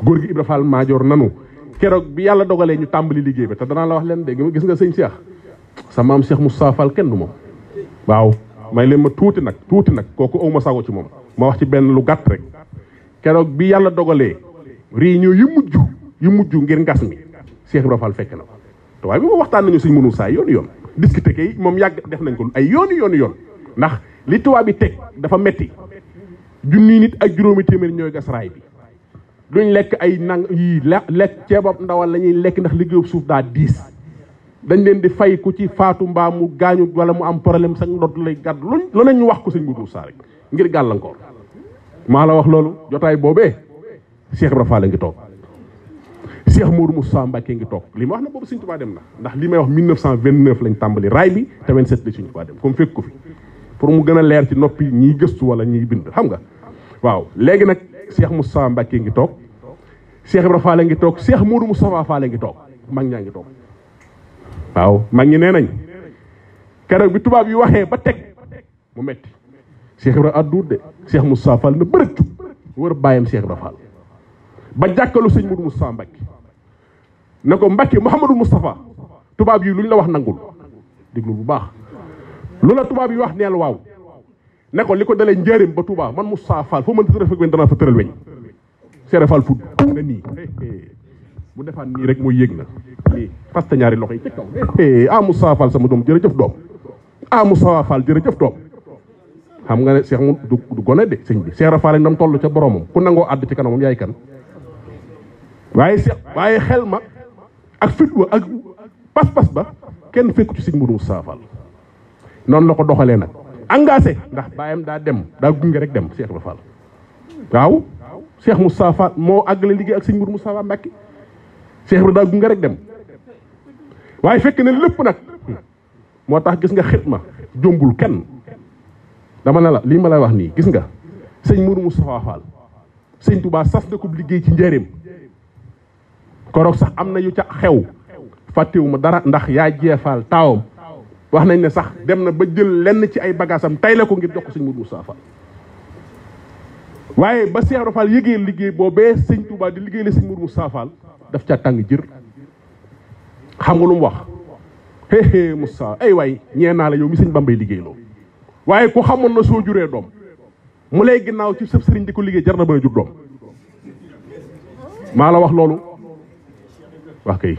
gor gi ibra fall major nanu kérok bi yalla dogalé ñu tambali liggéey ba ta dana la wax de gis nga cheikh sa mam cheikh fall ken du mom may leen ma tuuti nag tuuti nag kooku awma sago ci moom ma wax ci benn lu gàtt rek keroog bi yàlla dogalee réunion yu mujj yu mujj ngir ngas mi Cheikh Ibra Fall fekk na ko te bi ma waxtaan nañu suñ mënul saa yoonu yoon discuter kay moom yàgg def nañ ko ay yoonu yoonu yoon ndax li tubaab bi teg dafa metti junni nit ak juróomi téeméer ñooy gas raay bi duñ lekk ay nang yii lekk ceebab ndawal la ñuy lekk ndax liggéeyub suuf daa diis dañ leen di fay ku ci faatu mbaa mu gaañu wala mu am problème sax ndodd lay gàddu luñ lu ne ñu wax ko sëñ Modou saa rek ngir gàllankoor maa la wax loolu jotaay boobee Cheikh Ibra Fall ngi toog Cheikh Modou Moussa Mbacké ngi toog li ma wax na boobu sëñ Tuubaa dem na ndax li may wax 1929 lañ tàmbali raay bi te 27 la sëñ Tuubaa dem comme fekk ko fi pour mu gën a leer ci noppi ñiy gëstu wala ñiy bind xam nga waaw léegi nag mu Moussa Mbacké ngi toog Cheikh Ibra Fall ngi toog Cheikh Modou Moustapha Fall ngi toog mag ñaa ngi toog waaw mag ñi nee nañ keroog bi tubaab yi waxee ba teg mu metti Cheikh Ibra adduut de Cheikh Moussa Fall na bërëccu wër bàyyam Cheikh Ibra Fall ba jàkkalu sëñ Moudou Moussa Mbacke ne ko Mbacke Mouhamadou Moustapha tubaab yi luñ la wax nangul déglu bu baax lu la tubaab yi wax neel waaw ne ko li ko dalee njëriñ ba Touba man Moussa Fall foo mënta tëral fekk weñ danaa fa tëral weñ Cheikh Ibra fudd nii bu defaan nii rek mooy yéeg na lii parce que ñaari loxo yi ca kaw ah Moustapha Fall sama doom jërëjëf doom ah Moustapha Fall jërëjëf doom xam nga ne Cheikh mu du gone de sëñ bi Cheikh Rafaal nam toll ca boromam ku nangoo àdd ci kanamam yaay kan waaye Cheikh waaye xel ma ak fit wa ak pas-pas ba kenn fekku ci sëñ bu Moustapha Fall noonu la ko doxalee nag engagé ndax baayam daa dem daa gunge rek dem Cheikh Rafaal waaw Cheikh Moustapha moo àggale liggéey ak sëñ Moudou Moustapha Mbacke cheikh ibra daa rek dem way fekk ne lepp nak motax gis nga xitma jombul ken, dama na la li ma lay wax ni gis nga seigne Mourou Moustapha Fall seigne Touba sas na ko liggey ci ko rok sax amna yu ca xew fàttewu dara ndax ya jeefaal taw wax nañ ne sax dem na ba jël lenn ci ay bagasam tay la ko ngir jox ko Mourou Moustapha waaye ba Cheikh Ibra Fall yëgee liggéey boobee sëñ Touba di liggéey la sëñ Mourou Moussa Fall daf caa tàng jër xam nga lu mu wax héhé ay waay ñee naa la yow mi sëñ Bambay liggéey loo waaye ku xamoon na soo juree doom mu lay ginnaaw ci sëb sëriñ di ko liggéey jar na ba jur doom la wax loolu wax kay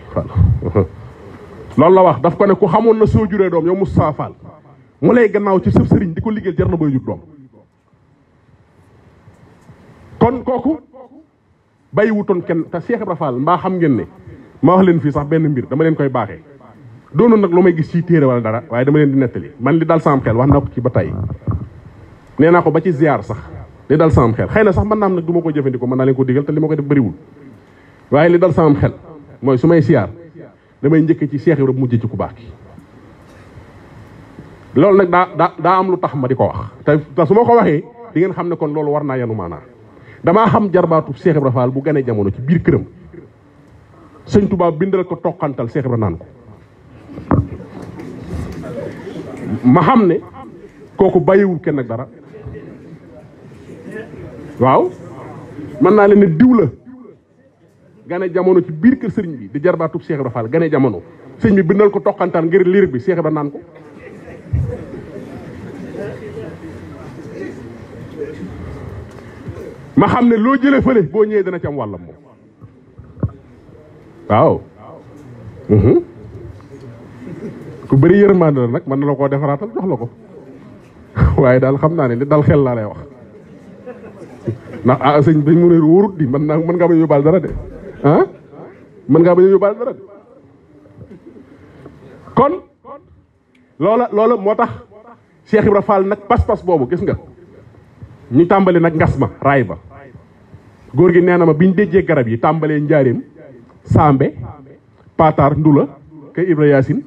<laughs> la wax daf ko ne xamoon na soo juree doom yow Moussa Fall mu lay gannaaw ci sëf sëriñ di ko liggéey jar na bay jur doom kon koku bàyyi wutoon ken ta Cheikh Ibra Fall mbaa xam ngeen ne ma wax len fi sax ben mbir dama len koy baxé doonoon nag lu gis ci téré wala dara waye dama len di netali man li dal sam xel wax nako ci batay tey ko ba ci ziar sax li dal sam xel xeyna sax man nam nak duma ko jëfëndiko man na len ko diggal te li ma koy def bëriwul waaye li dal sam xel moy sumay ziar damay ñëk ci Cheikh mujj ci ku nak da da am lu tax ma di wax te suma ko di ngeen xamne kon loolu war na yanu maanaa damaa xam jarbaatu Cheikh Ibra bu ganee jamono ci biir këram sëñ Touba bindal ko toqantal Cheikh Ibra naan ko ma xam ne kooku bàyyiwul kenn ak dara waaw mën naa leen ne diw la gane jamono ci biir kër sëriñ bi di jarbaatub Cheikh Ibra gane jamono sëñ bi bindal ko toqantal ngir liir bi Cheikh Ibra naan ko ma xamne lo jele fele bo ñewé dana ci am walam waaw waaw mhm. ku bari yermane la nak man na la koo jox la ko waaye daal xam dal xel la lay wax ndax a ah, señ dañ mu ne wurut di man naa mën ngaa bañ a yóbbaal dara de han ah? man nga bañ a bal dara kon lola lola motax Cheikh ibrahim Fall nak pas-pas bobu gis nga ñu tambalé nak ngasma ma raay ba gi néna ma biñu déjé garab yi tambalé njaareem sambé patar ndula ke ibra yasin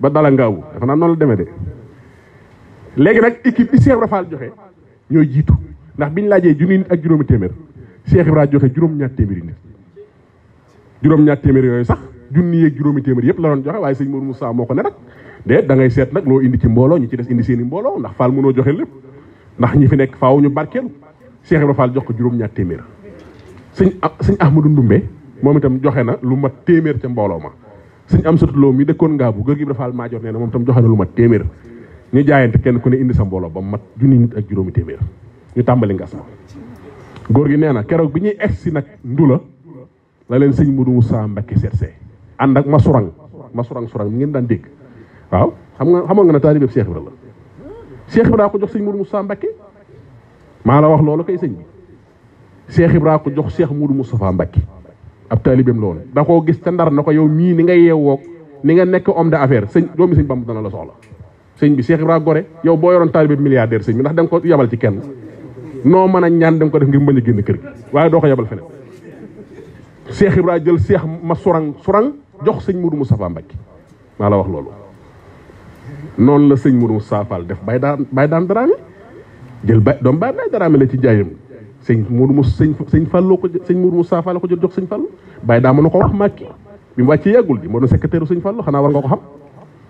ba dala ngaawu dafa non la démé dé légui nak équipe bi Cheikh Rafal joxé ñoy jitu ndax biñu lajé junni nit ak juróomi téeméer Cheikh Ibra joxé juroom ñaat téeméeri nit juroom ñaat yoy sax yépp la doon joxé waye Moussa moko né nak dé da ngay seet nak lo indi ci mbolo ñu ci dess indi seen mbolo ndax fal mëno joxé lépp ndax ñi fi nek faaw ñu barkel cheikh ibrahim fall jox ko juroom ñaar téeméer seigne seigne ahmadou ndoumbé mom itam joxé na lu mat ci mbolo ma seigne am sotuloo mi dekkon ngaa bu gër gi fall ma jox nee mom moom itam joxe na lu mat téeméer ñu jaayante kenn ku ne indi sa mbolo ba mat juni nit ak juroomi téeméer ñu tambali ngas ma góor gi néna kérok bi ñi exsi nak ndula la leen seigne mudou moussa mbacké seetsee and ak masourang masourang surang ngeen daan dégg waaw xam nga xam nga na talibé cheikh ibrahim Cheikh Ibra ko jox sëñ Mourou Moustapha Mbacké maa la wax loolu kay sëñ bi seex Ibra ko jox Cheikh Mourou Moustapha Mbacké ab taalibeem loolu da koo gis te ndar na ko yow mii ni nga yeewoog ni nga nekk homme d'affaires sëñ doomi sëñ Bamba dana la soxla sëñ bi Cheikh Ibra Gore yow boo yoroon taalibeem milliardaire sëñ bi ndax da nga ko ci kenn noo mën a ñaan da ko def ngir a génn kër gi waaye doo ko yabal feneen Cheikh Ibra ma surang surang jox sëñ Mourou Moustapha Mbacké maa la wax loolu noonu la sëñ Mourou Safal def bay daan bay daan daraame jël bay doom bay bay daraame la ci jaayam sëñ Mourou sëñ sëñ Fallou ko sëñ Mourou Safal la ko jël jox sëñ Fallou bay daa mën a ko wax màkki bi mu wàccee yàggul ji moo doon secrétaire sëñ Fallou xanaa war nga ko xam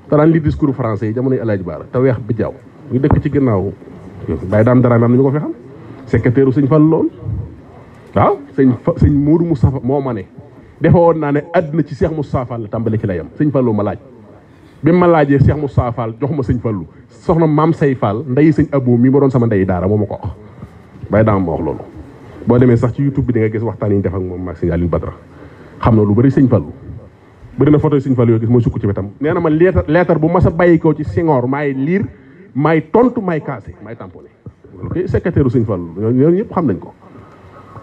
te li discours français yi jamonoy El Hadj Baara te weex bi jaaw ñu dëkk ci ginnaaw bay daan daraame am na ñu ko fi xam secrétaire sëñ Fallou loolu waaw sëñ sëñ Mourou Moustapha moo ma ne defe woon naa ne àddina ci Cheikh Moustapha Fall la tàmbali ci la yem sëñ Fallou ma laaj bi ma laajee Cheikh mu Fall jox ma sëñ Fallou soxna maam say faal ndeyi sëñ Abou mi ma doon sama ndey daara moo ma ko wax bay daam ma wax loolu boo demee sax ci YouTube bi di nga gis waxtaan yi ñu def ak moom ak sëñ Aliou Badra xam na lu bëri sëñ Fallou bëri na photo sëñ Fallou yoo gis mooy sukk ci wetam nee na ma lettre lettre bu ma sa bàyyi ko ci Senghor maay liir maay tontu maay cassé maay tamponné loolu kay secrétaire u sëñ Fallou ñooñu ñëpp xam nañ ko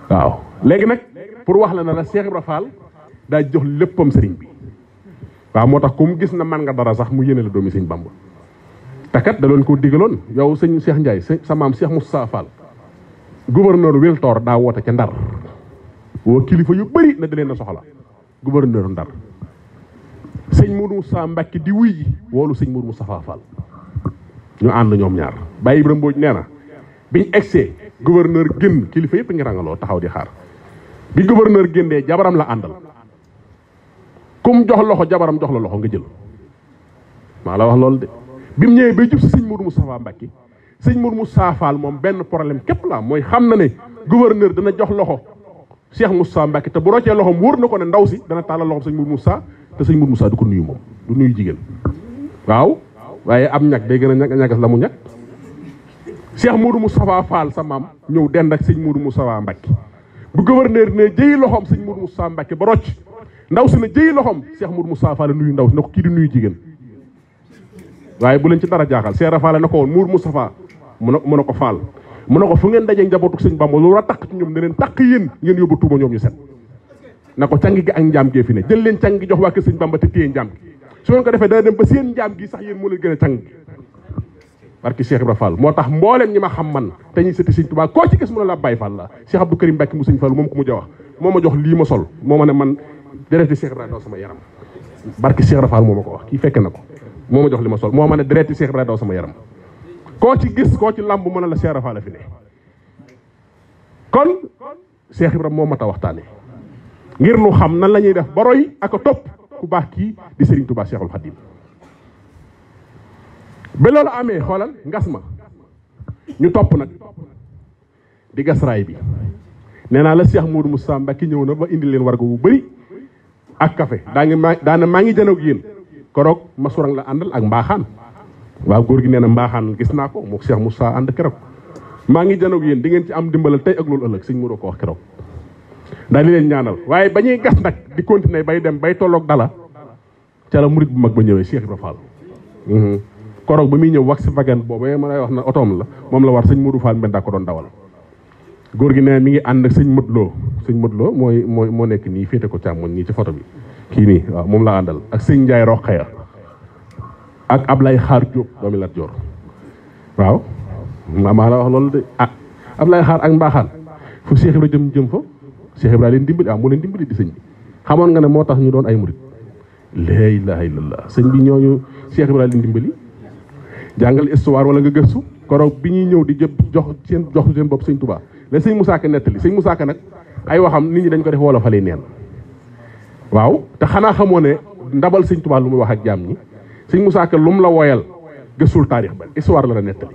waaw léegi nag pour wax la na la Cheikh Ibra Fall daa jox léppam sëriñ bi wa tak kum gis na man nga dara sax mu yene la domi seigne Bamba takat kat da doon ko digaloon yow seigne Cheikh ndjay sa mam Cheikh Moussa Fall gouverneur Wiltor da wota ci ndar wo kilifa yu bari na da leen soxla gouverneur ndar seigne Mourou Moussa Mbacke di wuy ji seigne Mourou Moussa Fall ñu and ñom ñaar Baye ibrahim boj neena biñ exé gouverneur genn kilifa yëpp ngi rangalo taxaw di xaar bi gouverneur gende jabaram la andal kum jox loxo jabaram jox la loxo nga jël maa la wax loolu de bi mu ñëwee bay jub si sëñ Mourou Moustapha Mbacke sëñ Mourou Moustapha Fall moom benn problème képp la mooy xam na ne gouverneur dana jox loxo Cheikh Moustapha Mbacke te bu roccee loxoom wóor na ko ne ndaw si dana tàllal loxoom sëñ Mourou Moustapha te sëñ Mourou Moustapha du ko nuyu du nuyu jigéen waaw waaye am ñag day gën a ñag ñagas la mu ñag Cheikh Mourou Moustapha sa maam ñëw dend ak sëñ Mourou Moustapha Mbacke bu gouverneur ne jëyi loxoom sëñ Mourou Moustapha Mbacke ba rocc ndaw si na jëy loxom cheikh mour moussa fall nuyu ndaw si na ki di nuyu jigen waye bu len ci dara jaaxal cheikh rafa la nako won mour moussa mu na mu na ko mu nako fu ngeen dajje njabootu seigne bamba lu ra tak ci ñoom ne leen takk yéen ngeen yóbbu tuuma ñom ñu set nako cangi gi ak njam gi fi ne jël len cangi jox waa kër sëñ bamba te téye njam gi su ngeen ko defé da dem ba seen njam gi sax yeen mo leen gëna cangi barki Cheikh Ibra Fall motax mbolem ñima xam man te ñi seuti seigne Tuubaa ko ci gis mu la Baay Fall la Cheikh Abdou Karim Mbacke mu seigne Fall mom ko mu jox wax jox li ma sol moma ne man deret yi Cheikh Ibrahima sama yaram barki Cheikh rafal moo ko wax ki fekk nako moma jox lima sol mo mané ne deret Cheikh Ibrahima sama yaram ko ci gis ko ci lamb mo na la Cheikh rafal fi ne kon Cheikh Ibrahima moma ta waxtaane ngir nu xam nan lañuy def ba ak top ku bax ki di Serigne Touba Cheikhul Khadim be lolu amé xolal ngasma ñu top nak di gas raay bi nena la Cheikh Moudou Moussa Mbacke ñëw na ba indi leen warga bu bëri ak café da ngi ma daana maa ngi yeen korok ma surang la andal ak mbaxan wa goor gi neena mbaxan gis na ko mo Cheikh Moussa and keroog ma ngi janoog yeen di ngeen ci am dimbalal tay ak lool ëlëk seigne mouro ko wax keroog da li leen ñaanal waye ba gas nak di continuer bay dem bay tolok dala ci la mourid bu mag ba ñëwé Cheikh ibrahim Fall korok bu mi ñëw wax ci wagan bobu ma lay wax na autom la mom la war seigne mourou Fall Mbenda ko don dawal goor gi neena mi ngi and ak sëñ Modou sing Modou moy moy mo nek ni fete ko càmmoñ ni ci photo bi ki ni mom la andal àndal ak sëñ Ndiaye Rokhaya ak ablay Xaar Diop doomi Lat waw ma ma la wax loolu de ah ablay khar ak Mbaaxaan fu Cheikh ibrahim dem dem fo Cheikh ibrahim dimbali am ah, mo len dimbali di seigne xamone nga ne motax ñu doon ay murit la ilaha illallah seigne bi ñoñu Cheikh ibrahim dimbali jangal histoire wala nga gëstu koro bi ñew di jox sen jox sen bop seigne Touba le seigne Moussa Ka netali seigne Moussa Ka nak ay waxam nit ñi dañ ko def wala fa lay neen waaw te xanaa xamoo ne ndabal sëñ Tuubaa lu muy wax ak jaam ñi sëñ Musaa Ka mu la woyal gëstul taarix ba histoire la nettali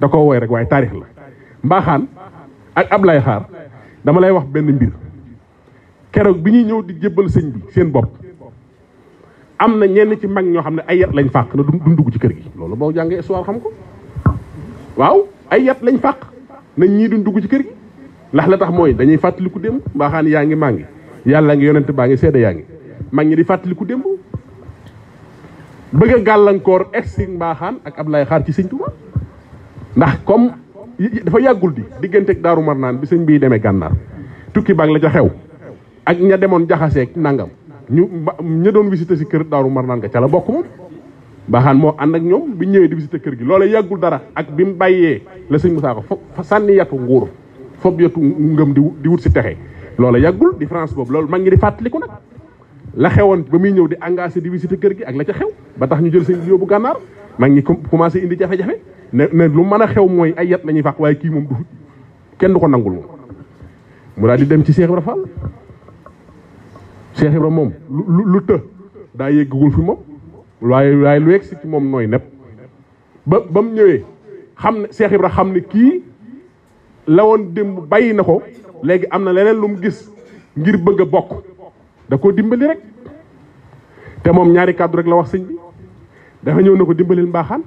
da koo woy rek waaye taarix la mbaaxaan ak Ablaay Xaar dama lay wax benn mbir keroog bi ñuy ñëw di jébbal sëñ bi seen bopp am na ñenn ci mag ñoo xam ne ay yat lañ fàq na duñ dugg ci kër gi loolu boo jàngee histoire xam ko waaw ay yat lañ fàq na ñii duñ dugg ci kër gi ndax la tax mooy dañuy fàttaliku démb baaxaan yaa ngi maa ngi yàlla ngi yonent baa ngi seede yaa ngi mag ngi di fàttaliku démb bëgg a gàllankoor egsi mbaaxaan ak Ablaye xaar ci sëñ Tuuba ndax comme dafa yàggul di digganteeg daaru mar naan bi sëñ bii demee gànnaar tukki baag la ca xew ak ña demoon jaxaseek nangam ñu ña doon visité si kër daaru mar naan nga ca la bokk moom mbaaxaan moo ànd ak ñoom bi ñëwee di visité kër gi loola yàggul dara ak bi mu bàyyee la sëñ Musaa ko fa sànni yatu nguur foog yotu ngëm di di wut si texe loola yàggul di france boobu loolu mag ngi di fàttaliku nag la xewoon ba muy ñëw di engagé di visité kër gi ak la ca xew ba tax ñu jël seen yóbbu gànnaar mag ngi commencé indi jafe-jafe ne ne lu mën a xew mooy ay yat la ñuy fàq waaye kii moom du kenn du ko nangul moom mu daal di dem ci Cheikh Ibra Fall Cheikh Ibra moom lu lu të daa yeggagul fi moom waaye waaye lu yegg si moom nooy nepp ba ba mu ñëwee xam ne Cheikh Ibra xam ne kii lawoon démb bàyyi na ko léegi am na leneen lu mu gis ngir bëgg a bokk da koo dimbali rek te moom ñaari kàddu rek la wax sëñ bi dafa ñëw na ko dimbali mbaaxaan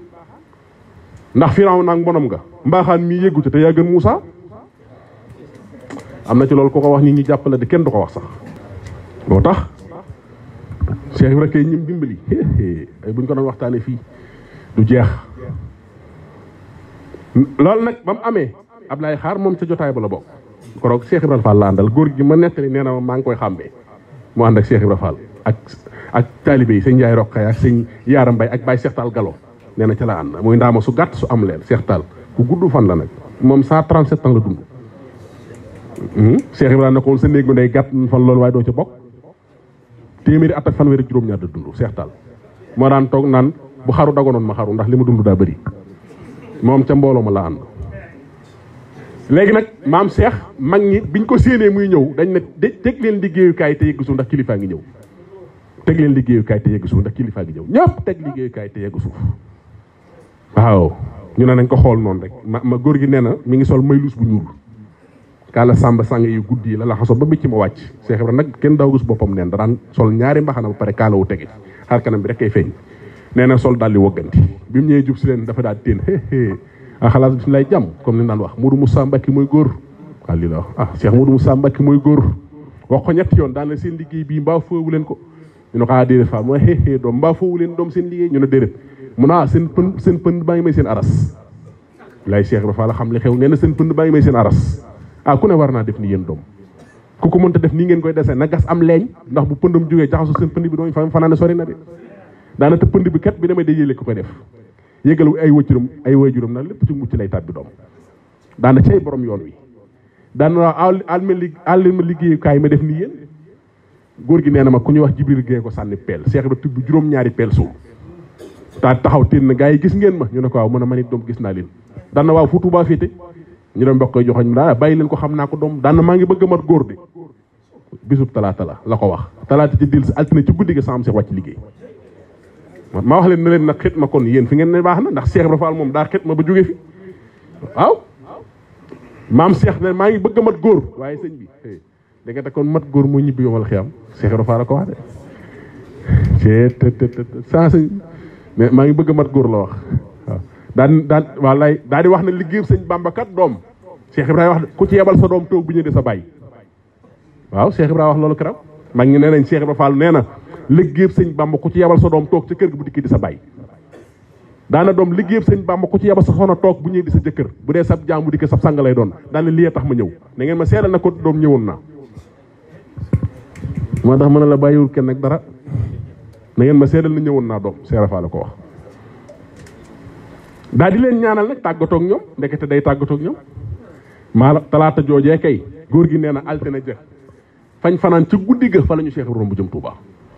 ndax firaw naag mbonom nga mbaaxaan mii yëggu ci te yaa gën Moussa am na ci loolu koo ko wax nit ñu jàppale de kenn du ko wax sax moo tax Cheikh Ibrahima kay ñim dimbali ay buñ ko doon waxtaanee fii du jeex loolu nag ba mu amee ablay Xaar mom ci jotay ba la bokk koroog Cheikh ibrahim Fall andal gor góor gi ma nettali neena ma ngoy xambe mo and ak Cheikh ibrahim Fall ak ak talibey seigne jay Njaay ak seigne Yaaram bay ak bay Cheikh tal Galo neena ci la and moy ndama su gatt su am len Cheikh tal ku guddu fan la nak mom 137 ans la dund hmm? Cheikh ibrahim ne ko woon sa néeg mi day gàtt fan loolu waaye doo at ñaar da dund Cheikh tal mo daan tok nan bu xaru dagonon ma xaru ndax limu dund da bari mom ca mbolo ma la and léegi nag maam seex mag ñi biñ ko séenee muy ñëw dañ ne teg leen liggéeyukaay te yegg suuf ndax kilifaa ngi ñëw teg leen liggéeyukaay te yegg suuf ndax kilifaa ngi ñëw ñëpp teg liggéeyukaay te yegg suuf waaw ñu ne nañ ko xool noonu rek ma ma góor gi nee na mi ngi sol maylus bu ñuul kaala sàmba sàng yu guddi yi la la ba bëcc ma wàcc Cheikh Ibrahima nag kenn daw gis boppam neen daan sol ñaari mbaxana ba pare kaala wu tege xar kanam bi rek kay nee na sol daal di wogganti bi mu ñëwee jub si leen dafa daal téen xalaat bisimilah jàmm comme ni naan wax Modou Moussa Mbacke mooy góor waaw lii la wax ah Cheikh Modou Moussa Mbacke mooy góor wax ko ñetti yoon daan na seen liggéey bii mbaa foowu leen ko ñu ne ko ah déedéet Fall mu ne foowu leen doom seen liggéey ñu ne déedéet mu ne ah seen pënd seen pënd baa ngi may seen aras lay Cheikh Ibra Fall xam li xew nee na seen pënd baa ngi seen aras ah ku ne war naa def ni yéen doom ku ko mënta def nii ngeen koy dese na gas am leeñ ndax bu pëndum jógee jaxasoo seen pënd bi dooñ fa fanaane sori na de daana te pënd bi kat bi damay day yële ko koy def yëgal ay wëccuram ay wëjuram nag lepp ci mucc lay tabbi doom Dan ci borom yoon wi daan na alme li alme kay ma def ni yeen góor gi neena ma ku ñu wax Jibril Gueye ko pel peel seex ba tuddu juroom ñaari pel su ta taxaw tin na gaa gis ngeen ma ñu ne ko waaw na a dom doom gis na leen daan na waaw fu Tuubaa fete ñu dem mbokk joxoñ mu daal ah, leen ko xamna ko doom na ngi bëgg mat góor de bisub talata la la ko wax talata ci dil altine ci guddige sam cheikh wacc ma wax leen ne leen na xet ma kon yéen fi ngeen ne baax na ndax Cheikh Ibra Fall moom daa xet ma ba jógee fi waaw maam Cheikh ne maa ngi bëgg a mat góor waaye sëñ bi dégg eh, nga kon mat góor moo ñibbi yomal xiyam Cheikh Ibra Fall la ko wax de mais maa ngi bëgg a mat góor la wax waaw daan daan wallaay di wax na liggéeyu sëñ Bamba kat doom Cheikh Ibra wax ku ci yebal sa doom toog bu de sa bàyyi waaw Cheikh Ibra wax loolu keroog maa ñi nee nañ Cheikh Ibra Fall nee na liggéeb sëñ bamba ku ci yabal sa dom tok ci kër gi bu dikki di sa baay daana dom liggéeb sëñ bamba ku ci yabal sa xono tok bu ñëw di sa jëkkër bu dé sab jaam bu dikkee sab sàng lay doon daana liyee tax ma ñëw na ngeen ma seedal na ko doom ñëwoon naa moo tax mëna la bayiwul kenn nak dara na ngeen ma seedal na ñëwul na dom séra fa la ko wax da di leen ñaanal ndekete day talata jojé kay gi na altine fañ fanan ci guddiga fa lañu Cheikh rombu jëm Touba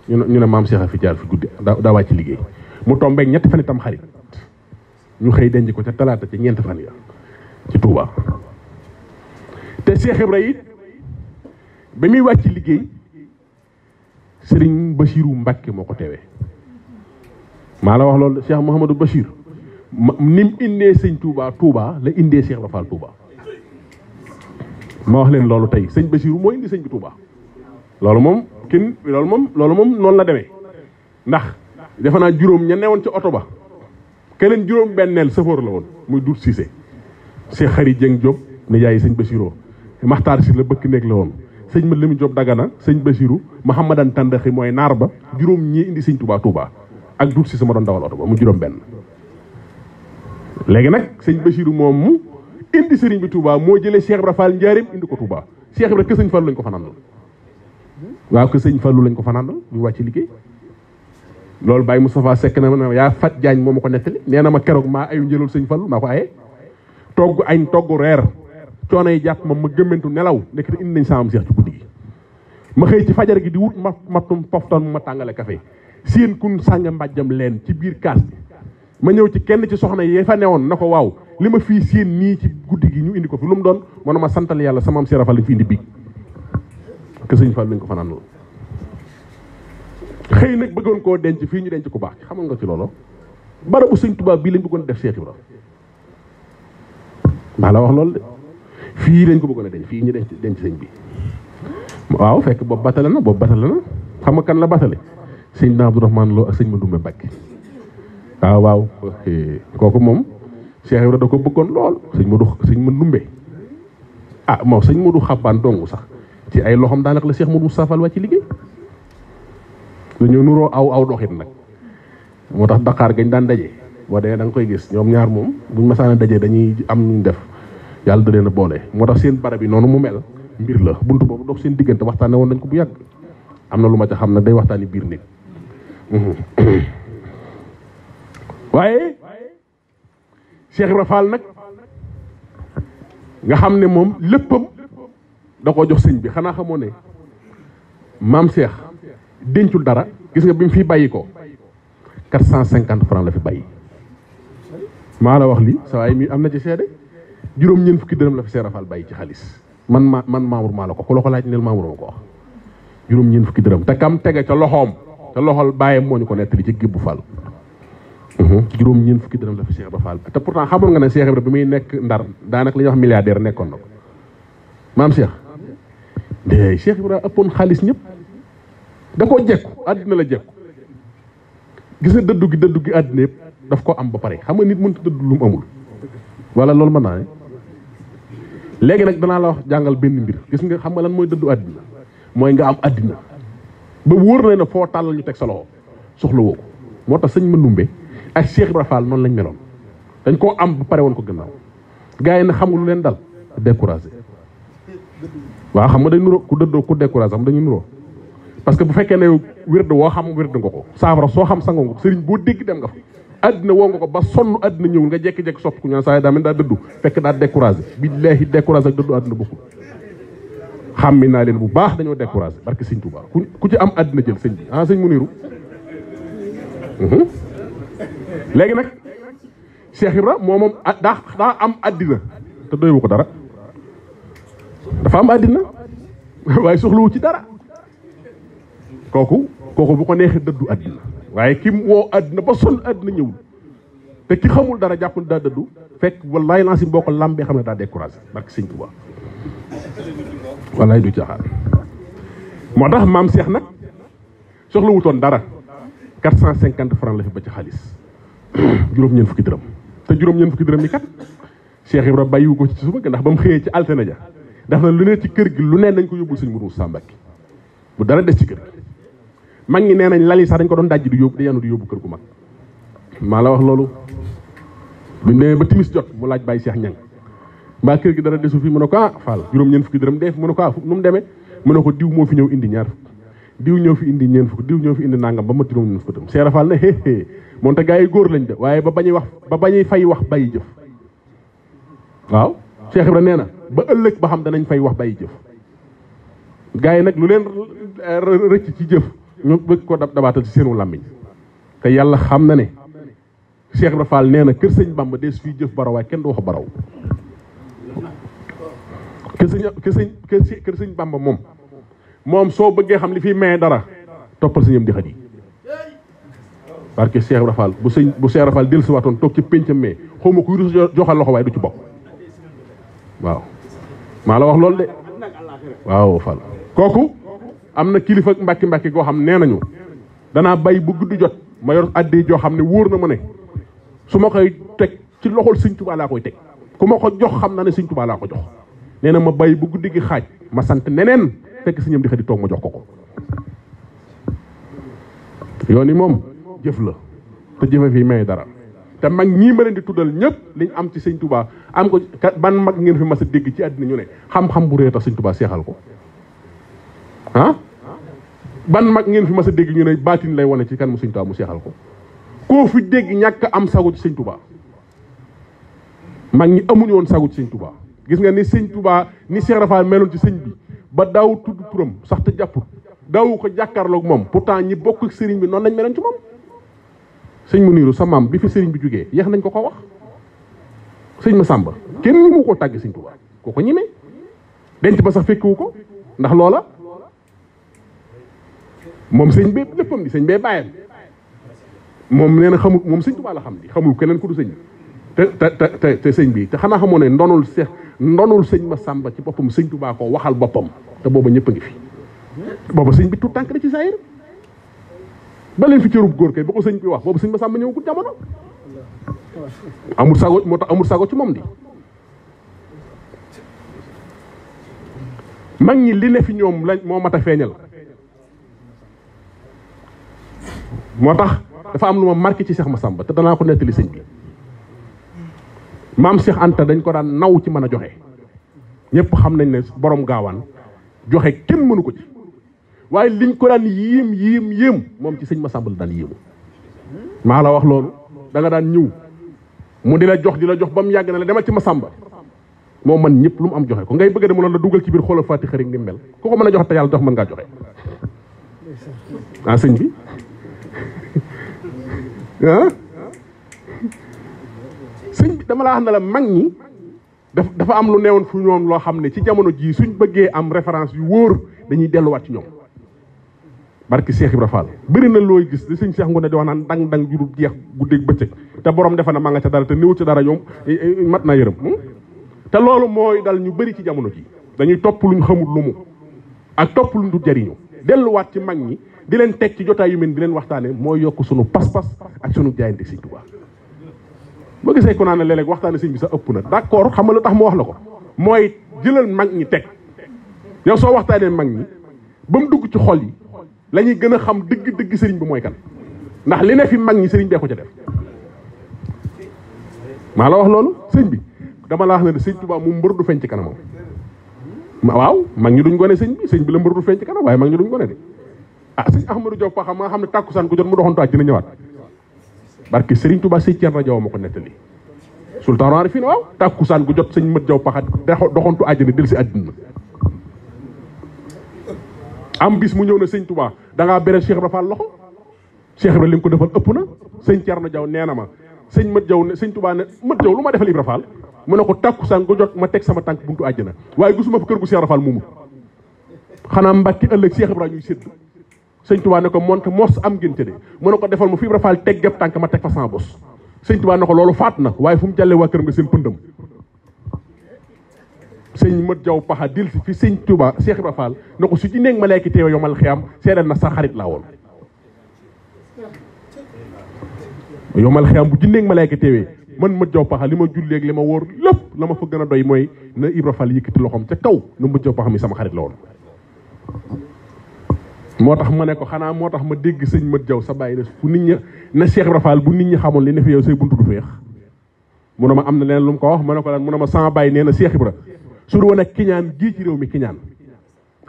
ñu ne ñu ne maam Cheikh fi jaar fi guddi daa wàcc liggéey mu tombeeg ñetti fan itam xarit ñu xëy denc ko ca talaata ca ñeenti fan ya ci Touba te Cheikh Ibrahima it ba muy wàcc liggéey Serigne wu mbakki moo ko teewee maa la wax loolu Cheikh Mouhamadou Bachir ni mu indee sëñ Touba Touba la indee Cheikh Ibra Fall Touba wax leen loolu tey sëñ Bachirou moo indi sëñ bi Touba loolu moom. Pikine loolu moom loolu moom noonu la demee ndax defe naa juróom ña woon ci oto ba keneen juróom benneel sëfoor la woon muy Dut Cissé Cheikh Khary Dieng Diop nijaay sëñ Bassirou Makhtar si la bëkk néeg la woon sëñ ma Lamine Diop Dagana sëñ Bassirou Mahamadan Tandaxi mooy naar ba juróom ñii indi sëñ Touba Touba ak Dut Cissé ma doon dawal oto ba mu juróom benn léegi nag sëñ Bassirou moom mu indi sëriñ bi Touba moo jëlee Cheikh Ibra Fall njaarim indi ko Touba Cheikh Ibra kër sëñ lañ ko fanaan waaw ko sëñ Fallou lañ ko fanandal ñu wàcc liggéey loolu Baye Moustapha Seck na ma yaa faj jaañ moo ma ko nettali nee na ma keroog maa ayu njëlul sëñ Fallou maa ko aye togg añ togg reer coono yi jàpp ma ma gëmmentu nelaw nekk te indi nañ saam seex ci guddi gi ma xëy ci fajar gi di wut ma poftan ma tàngale café seen kun sànga mbàjjam leen ci biir kaas bi ma ñëw ci kenn ci soxna yi fa newoon na ko waaw li ma fii seen nii ci guddi gi ñu indi ko fi lu mu doon ma ne ma santal yàlla sama am seerafal lañ fi indi bii que sëñ Fall ko fanaan loolu xëy nag bëggoon koo denc fii ñu denc ku baax xamal nga ci loolu barabu sëñ Tuubaa bii lañ bëggoon def Cheikh Ibra maa la wax loolu de fii lañ ko bëggoon a denc fii ñu denc denc sëñ bi waaw fekk boobu batale na boobu batale na xam nga kan la batale sëñ na Abdourahmane Lo ak sëñ Mandumbe Mbàkke ah, waaw waaw eh, kooku moom Cheikh Ibra da ko bëggoon lool sëñ Modou sëñ Mandumbe ah moom sëñ Modou xabbaan dong sax ci ay loxam daanaka la cheikh modou moustapha wàcc liggéey dañoo nuro aw aw doxit nak motax dakar gën gañ daan daje boo dee da koy gis ñom ñaar moom buñ masaana dajé dañuy am ñu def yalla da leen a boole seen barabi nonu mu mel mbir la buntu bobu dox seen diggante waxtaane won nañ ko bu yàgg amna luma ci xam nak day waxtani bir nit <coughs> waye cheikh rafal nak nga xam mom leppam da ko jox sëñ bi xana xamone mam Cheikh dencul dara gis nga bim fi bayiko 450 francs la fi bàyyi maa la wax li sa way mi amna ci sédé ñeen fukki dërëm la fi ci man man Mamour maa ko loxo laaj neul Mamour ko wax juróom ñeen fukki dërëm te kam tege ca loxom te loxol baye moo ko netti ci gibbu uhuh juróom ñeen fukki dërëm la fi Cheikh ba fal te pourtant xamul nga ne Cheikh bi nekk ndar li wax milliardaire nekkon mam Cheikh mais cheikh ibra ëppoon xaalis ñëpp da ko jekku adina la jekku gis nga gi deddu gi àddina yëpp daf ko am ba pare xam nga nit mënta deddu lu mu amul wala loolu mën naa ne léegi nag danaa la wax jàngal benn mbir gis nga xam nga lan mooy deddu adina mooy nga am adina ba wóor na na foo tàllal ñu teg sa loxo soxla woo ko moo tax sëñ Mandoumbe ak Cheikh Ibra Fall noonu lañ meloon dañ koo am ba pare woon ko gannaaw gars yi na xam nga lu leen dal découragé waaw xam nga dañ nuro ku dëddoo ku décourage am dañu nuro parce que bu fekkee ne wird woo xam wird nga ko saafara soo xam sango nga sëriñ boo dégg dem nga fa adina wo nga ko ba sonn adina ñëw nga jekki jekki sopp ku ñu saay daa mel daa dëddu fekk daa muniru. billahi découragé ak dëddu adina bokkul xàmmi naa leen bu baax dañoo sëñ ku ci am adina jël sëñ bi ah sëñ mu niru mhm. léegi nag cheikh ibra ah, daa daa am adina te doywu ko dara dafa am àddina waaye soxlawu ci dara kooku kooku bu ko neexee dëddu àddina waaye ki woo àddina ba sol àddina ñëwul te ki xamul dara jàpp ne daa dëddu fekk wallaay lancim boo ko làmbee xam ne daa découragé barke sëñ Tuubaa wallaay du caaxaan moo tax maam Seex nag soxlawutoon dara quatre cent cinquante francs la fi ba ci xaalis <clears throat> juróom-ñeent fukki dërëm te juróom-ñeent fukki dërëm yi kat Cheikh Ibra bàyyiwu ko ci suba ndax ba mu xëyee ci altine ja dafa lu ne ci kër gi lu ne nañ ko yobul seigne Mourou Sambaki bu dara dess ci kër mag ñi nenañ lali sax dañ ko doon dajji du yob di yanu di yob kër gu mag maa la wax lolu bu ne ba timis jot mu laaj bàyyi Cheikh Ñang mbaa kër gi dara dessu fi mu ne ko ah fal juroom ñen fukki dërëm def mu ne ko ah num nu mu ne ko diw mo fi ñew indi ñaar diw ñew fi indi ñen fuk diw ñew fi indi nangam ba ma fukki dërëm Cheikh rafal ne he he monta gaay goor lañ de waye ba bañi wax ba bañi fay wax jëf waaw Cheikh Ibra nee na ba ëllëg ba xam danañ fay wax bàyyi jëf gars yi nag lu leen rëcc ci jëf ñu bëgg ko dab dabaatal ci seenu làmmiñ te yàlla xam na ne Cheikh Ibra Fall nee na kër sëñ Bamba dees fii jëf baraw kenn du wax baraw kër sëñ kër sëñ kër sëñ Bamba moom moom soo bëggee xam li fi may dara toppal sëñam di xat yi parce que Cheikh Ibra bu sëñ bu Cheikh Ibra Fall dellusiwaatoon toog ci péncam mais xaw ma kuy rus joxal loxo waaye du ci bokk waaw maa la wax loolu de waaw fal kooku am na kilifa mbakki mbakki goo xam nee nañu danaa bay bu guddi jot ma yor addi joo xam ne wóor na ma ne su ma koy teg ci loxol sëñ Tuubaa laa koy teg ku ma ko jox xam na ne sëñ Tuubaa ko jox nee na ma bay bu guddi gi xaaj ma sant neneen fekk si ñoom di xëy toog ma jox ko ko yoon i moom jëf la te jëfe fii may dara te mag ñii ma di tuddal ñëpp liñ am ci sëñ tubaa am ko ban mag ngeen fi mas dégg ci àddina ñu ne xam-xam bu rëy tax sëñ tubaa seexal ko ah ban mag ngeen fi mas a dégg ñu ne baatin lay wane ci kan mu sëñ tubaa mu seexal ko koo fi dégg ñàkk am sagu ci sëñ tubaa mag ñi amuñu woon sagu ci sëñ tubaa gis nga ni sëñ tubaa ni Cheikh Rafaal meloon ci sëñ bi ba daaw tudd turam sax te jàpput daaw ko jàkkaarloog moom pour pourtant ñi bokk sëriñ bi noonu lañ meloon ci sëñ mu niiru sa maam bi fi sëñ bi jógee yeex nañ ko ko wax sëñ ma sàmba kenn ñi mu koo tàgg sëñ Tuubaa koo ko ñi ne denc ba sax fekkiwu ko ndax loola moom sëñ bee léppam di sëñ bee bàyyam moom nee na xamul moom sëñ Tuubaa la xam di xamul keneen ku du sëñ bi te te sëñ bi te xanaa xamoo ne ndonul seex ndonul sëñ ma sàmba ci boppam sëñ Tuubaa ko waxal boppam te booba ñëpp a ngi fi booba sëñ bi tout tànk da ci saayir ba leen fi cërub góor kay ba ko sëñ bi wax boobu sëñ Masamba ñëw ku jamono amul sago moo tax amul sago ci moom mag ñi li ne fi ñoom lañ moo mat a feeñal moo tax dafa am lu ma marqué ci Cheikh Massamba te dana ko nettali sëñ bi maam Cheikh Anta dañ ko daan naw ci mën a joxe ñëpp xam nañ ne borom gaawaan joxe kenn mënu ko ci waye liñ ko dan yim yim yim, mom ci sëñ Massamba la dan yim. maa la wax lolu da nga dan ñew mu di jox di jox bam yag na la dama ci Massamba mom man ñepp lu am joxe ko ngay bëgg dem la dugal ci bir xolal Fatiha rek ni mel ko ko mëna jox ta yalla dox man nga joxe ah bi <laughs> ah sëñ bi dama la wax na la mag ñi dafa am lu neewon fu ñoom lo xamne ci jamono ji suñ bëggee am référence yu wóor dañuy wat ci ñoom barki Cheikh Ibra Fall bëri na looy gis li sëñ Cheikh ne di wax naan dang dang jurul jeex guddeeg bëccëg te boroom defe na ma nga ca dara te néew ca dara ñoom eh, eh, eh, mat naa yërëm hmm? te loolu mooy dal ñu bëri ci jamono ji dañuy topp lu ñu xamul lu mu ak topp lu du jariñu delluwaat ci mag ñi di leen teg ci jotaay yu mel di leen waxtaane mooy yokk sunu pas-pas ak sunu jaayante sëñ Tuubaa boo gisee ko naa ne léeg-léeg waxtaane sëñ bi sa ëpp na d'accord xam nga lu tax mu wax la ko mooy jëlal mag ñi teg yow soo waxtaanee mag ñi ba dugg ci xol yi lañuy ñuy gën a xam dëgg dëgg sëriñ bi mooy kan ndax li ne fi mag ñi sëriñ bee ko ca def maa la wax loolu sëñ bi dama la wax ne sëñ Tuubaa mu mbër du feeñ ci kanamam waaw mag ñi duñ gone sëñ sëñ bi la mbër du feeñ ci kanam waaye mag ñi duñ gone de ah sëñ Ahmadou Diop Pakha ma nga xam ne tàkkusaan ko jot mu doxantu àjjana ñëwaat barke sëriñ Tuubaa sëñ Thierno Diaw ma ko nettali sultaanul aarifiin waaw saan gu jot sëñ Mat Diaw Pakha doxantu àjjana del si àddina am bis mu ñëw na sëñ Tuubaa da ngaa bere Cheikh Ibra Fall loxo Cheikh Ibra li nga ko defal ëpp na sëñ Thierno Diaw nee na ma sëñ Mat jaw ne sëñ Touba ne Mat Diaw lu ma defal Ibra Fall mu ne ko tàkku saan gu jot ma teg sama tànk buntu na waaye gisuma fa kër gu Cheikh Ibra Fall moomu xanaa mbàkki ëllëg Cheikh Ibra ñuy sédd sëñ Touba ne ko monte mors am ngeen ca de mu ne ko defal ma fi Ibra Fall teg gëpp tànk ma teg fa sans bos sëñ Touba ne ko loolu faat na waaye fu mu jàllee waa kër nga seen pëndam sëñ Mat Jaw Paxa dil si fi sëñ tubaa Cheikh Ibra Fall na ko su ci nekk malaayka teew yomal xiyaam seedal na sa xarit laa woon yomal xiyaam bu ci nekk malaayka teewee man Mat Jaw Paxa li ma julleeg li ma wóor lépp la ma fa gën a doy mooy na Ibra Fall yëkkati loxoom ca kaw na Mat Jaw Paxa mi sama xarit la woon moo tax ma ne xanaa moo tax ma dégg sëñ Mat Jaw sa bàyyi des fu nit ñi na Cheikh Ibra Fall bu nit ñi xamoon li ne fi yow say buntu du feex mu ne ma lu ko wax ma ne ko lan ma sama bàyyi nee na Cheikh sur woon ak kiñaan gii ci réew mi kiñaan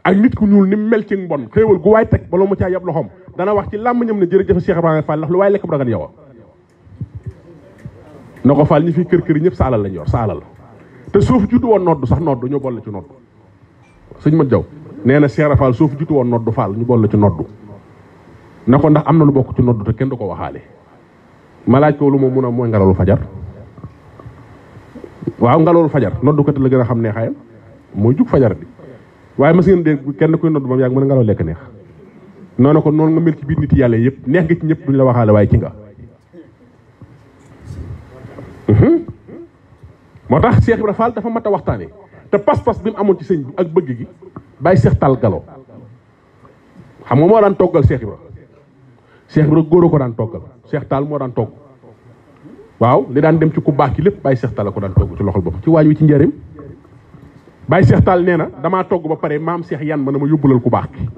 ak nit ku ñuul ni mel ci mbon xéewal gu waay teg bala mu caa yab loxoom dana wax ci làmm ñam na jërëjëf Cheikh Ibrahima Fall ndax lu waay lekk ragal yow na ko Fall ñi fi kër kër yi ñëpp saalal alal lañ yor sa alal te suuf jutu woon noddu sax noddu ñu la ci noddu sëñ ma jaw nee na Cheikh Fall suuf jutu woon noddu faal ñu la ci noddu na ko ndax am na lu bokk ci noddu te kenn du ko waxaale ma laaj ko lu ma mun a mooy fajar waaw nga loolu fajar noddukati la gëna a xam neexaayam mooy jug fajar bi waaye mas ngeen dégg kenn kuy noddu moom yaag mëna a ngalaw lekk neex nono ko non nga mel ci biir nit yalla yépp neex nga ci ñëpp duñ la waxale waaye ci nga mhm. moo tax Cheikh Ibra Fall dafa mata a waxtaane te pas-pas bi mu amoon ci sëñ bi ak bëgg gi bàyyi Cheikh tal Galo xam nga moo daan toggal Cheikh Ibra Cheikh Ibra góor ko daan toggal Cheikh tal moo daan togg waaw li daan dem ci ku baax ki lépp Baye Cheikh Tall la ko daan togg ci loxol boppam ci waañ wi ci njëriñ Baye Cheikh Tall nee na damaa togg ba pare maam seex yan ma ne ma yóbbulal ku baax ki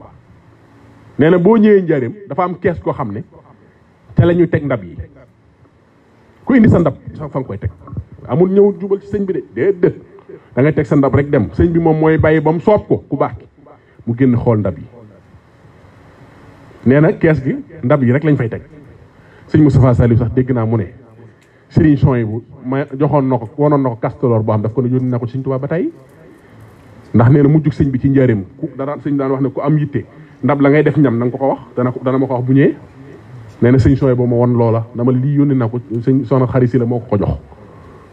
nee na boo ñëwee njëriñ dafa am kees koo xam ne te la ñuy teg ndab yi ku indi sa ndab fa nga koy teg amul ñëw jubal ci sëñ bi de déedéet teg sa ndab rek dem sëñ bi moom mooy bàyyi ba mu soob ko ku baax ki mu génn xool ndab yi nee na kees gi ndab yi rek lañ fay teg sëñ Moustapha Saliou sax dégg naa mu ne Serigne Soy bu ma joxoon na ko wonoon na ko boo xam daf ko ne yónni na ko Serigne Touba ba tay ndax nee na mujjug sëñ bi ci njaareem ku dana sëñ daan wax ne ku am yitte ndab la ngay def ñam na nga ko ko wax dana ko dana ma ko bu ñëwee nee na sëñ Soy boo ma won loola dama lii yónni na ko sëñ soxna xarit si la moo ko ko jox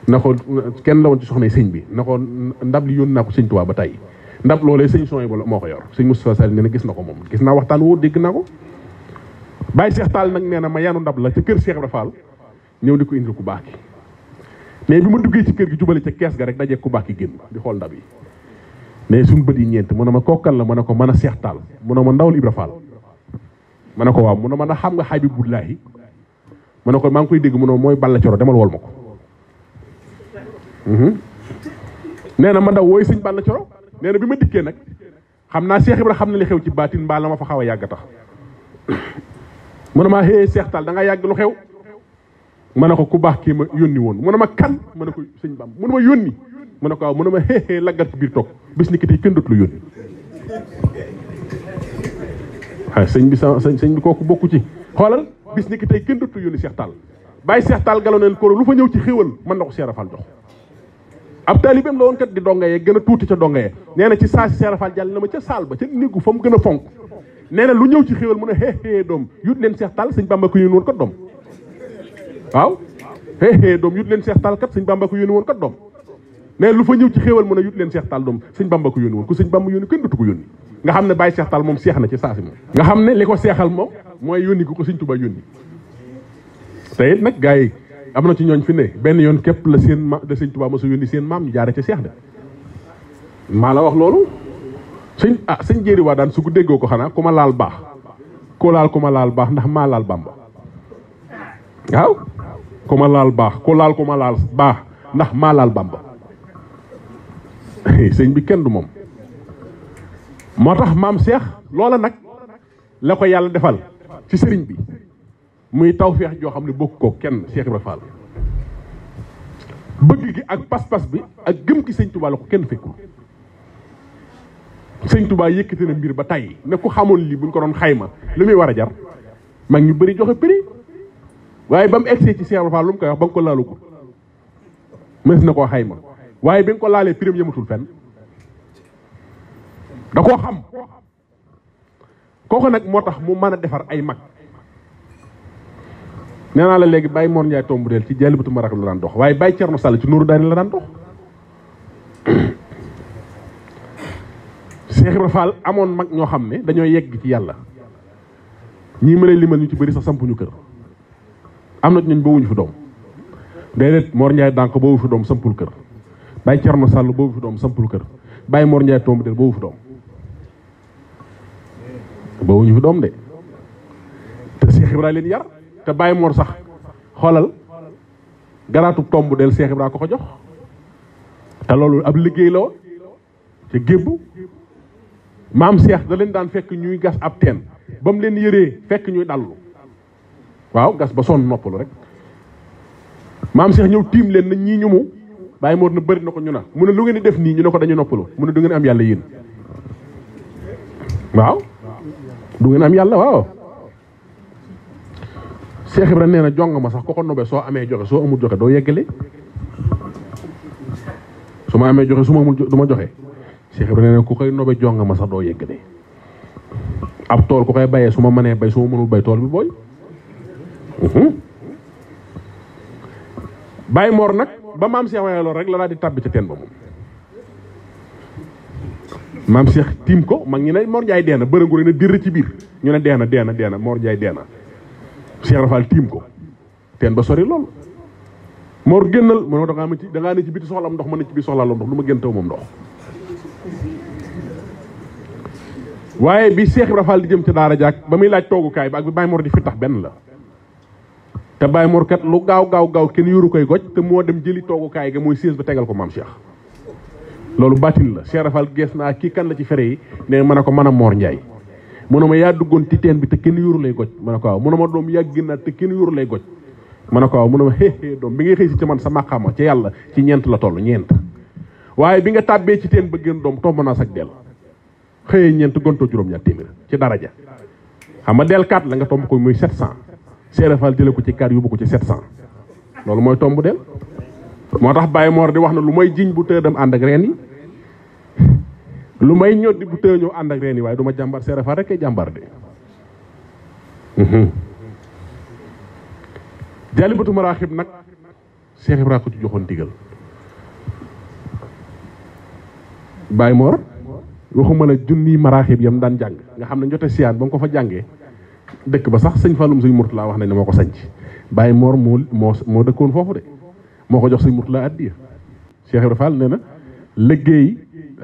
na ko kenn la woon ci soxna sëñ bi na ndab li yónni na ko Serigne Touba ba tey ndab loolee sëñ Soy bu moo ko yor sëñ Moustapha Sall nee na gis na ko moom gis naa waxtaan woo dégg naa ko Baye Cheikh Tall nag nee na ma yanu ndab la ca kër Cheikh Ibra Fall ñew di ko indil ku baaki mais bi ma duggee ci kër gi jubale ci caisse ga rek dajé ku baaki genn di xol ndab yi mais suñu mana ñent ñeent mu ne ma kokkal la mu ne ko mën a seex taal mu ne ma ndawul ibra fall mu ne ko mu ma na xam nga xabibullahi mu ne ko ngi koy dégg mu ne balla cioro demal wol mako hmm ma ndaw balla cioro bima dikké nak xamna cheikh ibra xamna li xew ci batine ma fa xawa a tax <coughs> mu ne da nga lu xew ma ne ko ku baax kii ma yónni woon mu ne ma kan ma ne ko sëñ Bamba mu ne ma yónni mën ne ko waaw mu ne ma xeexee laggat biir toog bis ni ki tey kenn dootul yónni waaye sëñ bi sa sëñ bokku ci xoolal bis ni ki tey kenn dootul yónni Cheikh Tall bàyyi Cheikh Tall galoneel koro lu fa ñëw ci xéwal mën na ko Cheikh Rafal jox ab taalibeem la woon kat di yee gën a tuuti ca dongayee nee na ci saa si Cheikh Rafal jàll ma ca saal ba ca néegu fa mu gën a fonk nee na lu ñëw ci xéwal mu ne xeexee doom yut leen Cheikh Tall sëñ Bamba ko yónni waaw xeexee doom yut leen seex taal kat sëñ bàmba ko yónni woon kat doom ne lu fa ñëw ci xéewal mu ne yut leen seex taal doom sëñ bàmba ko yónni woon ku sëñ bàmba yónni kenn xam ne bàyyi seex taal seex na ci saasi nga xam ne li ko seexal moom mooy yónni ku ko sëñ Tuubaa yónni te it nag gars yi am na ci ñooñ fi ne benn yoon képp la seen ma la sëñ Tuubaa ma sa yónni seen maam ñu jaare ca seex de maa la wax loolu sëñ ah sëñ jéeri waa daan su ko déggoo ko xanaa ku ma laal baax koo laal ku ma laal baax ndax maa laal bàmba waaw ko ma laal baax ko lal ko ma laal baax ndax ma lal bamba eh, señ bi kenn du mom motax mam cheikh lola nak nag la ko yàlla defal ci señ bi muy taw jo xamni bokk ko kenn Cheikh ibrahim Fall bëgg gi ak pas-pas bi ak gëm ki señ Touba la ko kenn fekkul señ Touba yëkëti na mbir ba tay ne ku xamone li buñ ko don xayma limi wara jar mag ñu bari joxe prix waye bam exé ci Cheikh Ibra lum koy wax ba ko laalu ko mës na koo xayma waye bi ko lalé prime yëmatul fen da ko xam koko nak motax mu meuna a defar ay mag nee la léegi Baye Mor Ndiaye tombu del ci jaalibatu marak la dan dox waye Baye cierno Sall ci nuru Daani la dan dox Cheikh amone mag yegg ci yalla ñi limal ñu ci bëri sax ñu kër am na ñun ba wuñu fi doom déedéet Mor Ndiaye Dank boobu fi doom sampul kër Baye Thierno sàllu boobu fi doom sampul kër Baye Mor Ndiaye Tomb del boobu fi doom boobu fi doom de te Cheikh Ibra leen yar te Baye Mor sax xoolal garaatub tomb del Cheikh Ibra ko ko jox te loolu ab liggéey la woon te gébbu maam Cheikh da leen daan fekk ñuy gas ab teen ba mu leen yëree fekk ñuy dallu waaw gas ba sonn noppalu rek maam Cheikh ñëw tiim leen nañ ñii ñu mu bàyyi moor na bari na ko ñu na mu ne lu ngeen di def nii ñu ne ko dañu noppalu mu ne du ngeen am yàlla yéen waaw du ngeen am yàlla waaw Cheikh Ibra nee na jong ma sax ko ko nobe soo amee joxe soo amul joxe doo yeggale su ma amee joxe su ma amul du ma joxe Cheikh Ibra nee na ku koy nobe jong ma sax doo yeggale ab tool ku koy bayee su ma mënee bay su ma mënul bay tool bi booy Mhm. bay Mor nak ba mam Cheikh waye lol rek la di tabbi ci ten ba moom maam Cheikh tim ko mag ni lay Mor jay deena bërëngu rek na, dir ci bir ñu ne deena deena deena Mor jay deena Cheikh Rafal tim ko ten ba sori lol Mor gennal mo do nga ci da nga ne ci biti soxlam am ndox ma ne ci biir soxla ndox luma gën taw ndox waye bi Cheikh Rafal di jëm ci dara jak ba muy laaj kay ba ak bi bay Mor di fi tax ben la te bay mor kat lu gaw gaw gaw ken yuru koy goj te mo dem jëli kay ga moy siège ba tegal ko mam cheikh lolou batin la cheikh rafal gesna ki kan la ci féré yi né manako mana mor ndjay munuma ya dugon mu ne bi te ken yuru lay goj manako ne munuma dom yagina te ken yuru lay goj manako munuma he he dom bi ngay xey si ci man sa màqaama ci yalla ci ñent la tollu ñent waye bi nga tàbbee ci teen ba dom tomb naa del xey ñent gonto juroom ñatt téeméer ci daraja xama del kat la nga tomb ko muy 700 Cheikh dile ko ci kar yóbbu ko ci 700 lolou moy tomb del motax Baye Mor di waxna lumay jign bu tëë dem ànd ak reen yi lu may ñoddi bu tëë ñëw ànd ak reen yi waaye du ma rek ay de mhm. jaalibatu maraaxib nag Cheikh ibrahim ko ci joxoon digal Baye Mor waxuma la junni marahib yam dan jang nga xamna ñota bang ko fa jangé dekk ba sax seigne fallou seigne Mourtala wax nañ ne moko ko Baye Mor mo mo dekkon fofu de moko jox seigne Mourtala addi Cheikh ibrahim Fall neena liggey liggéey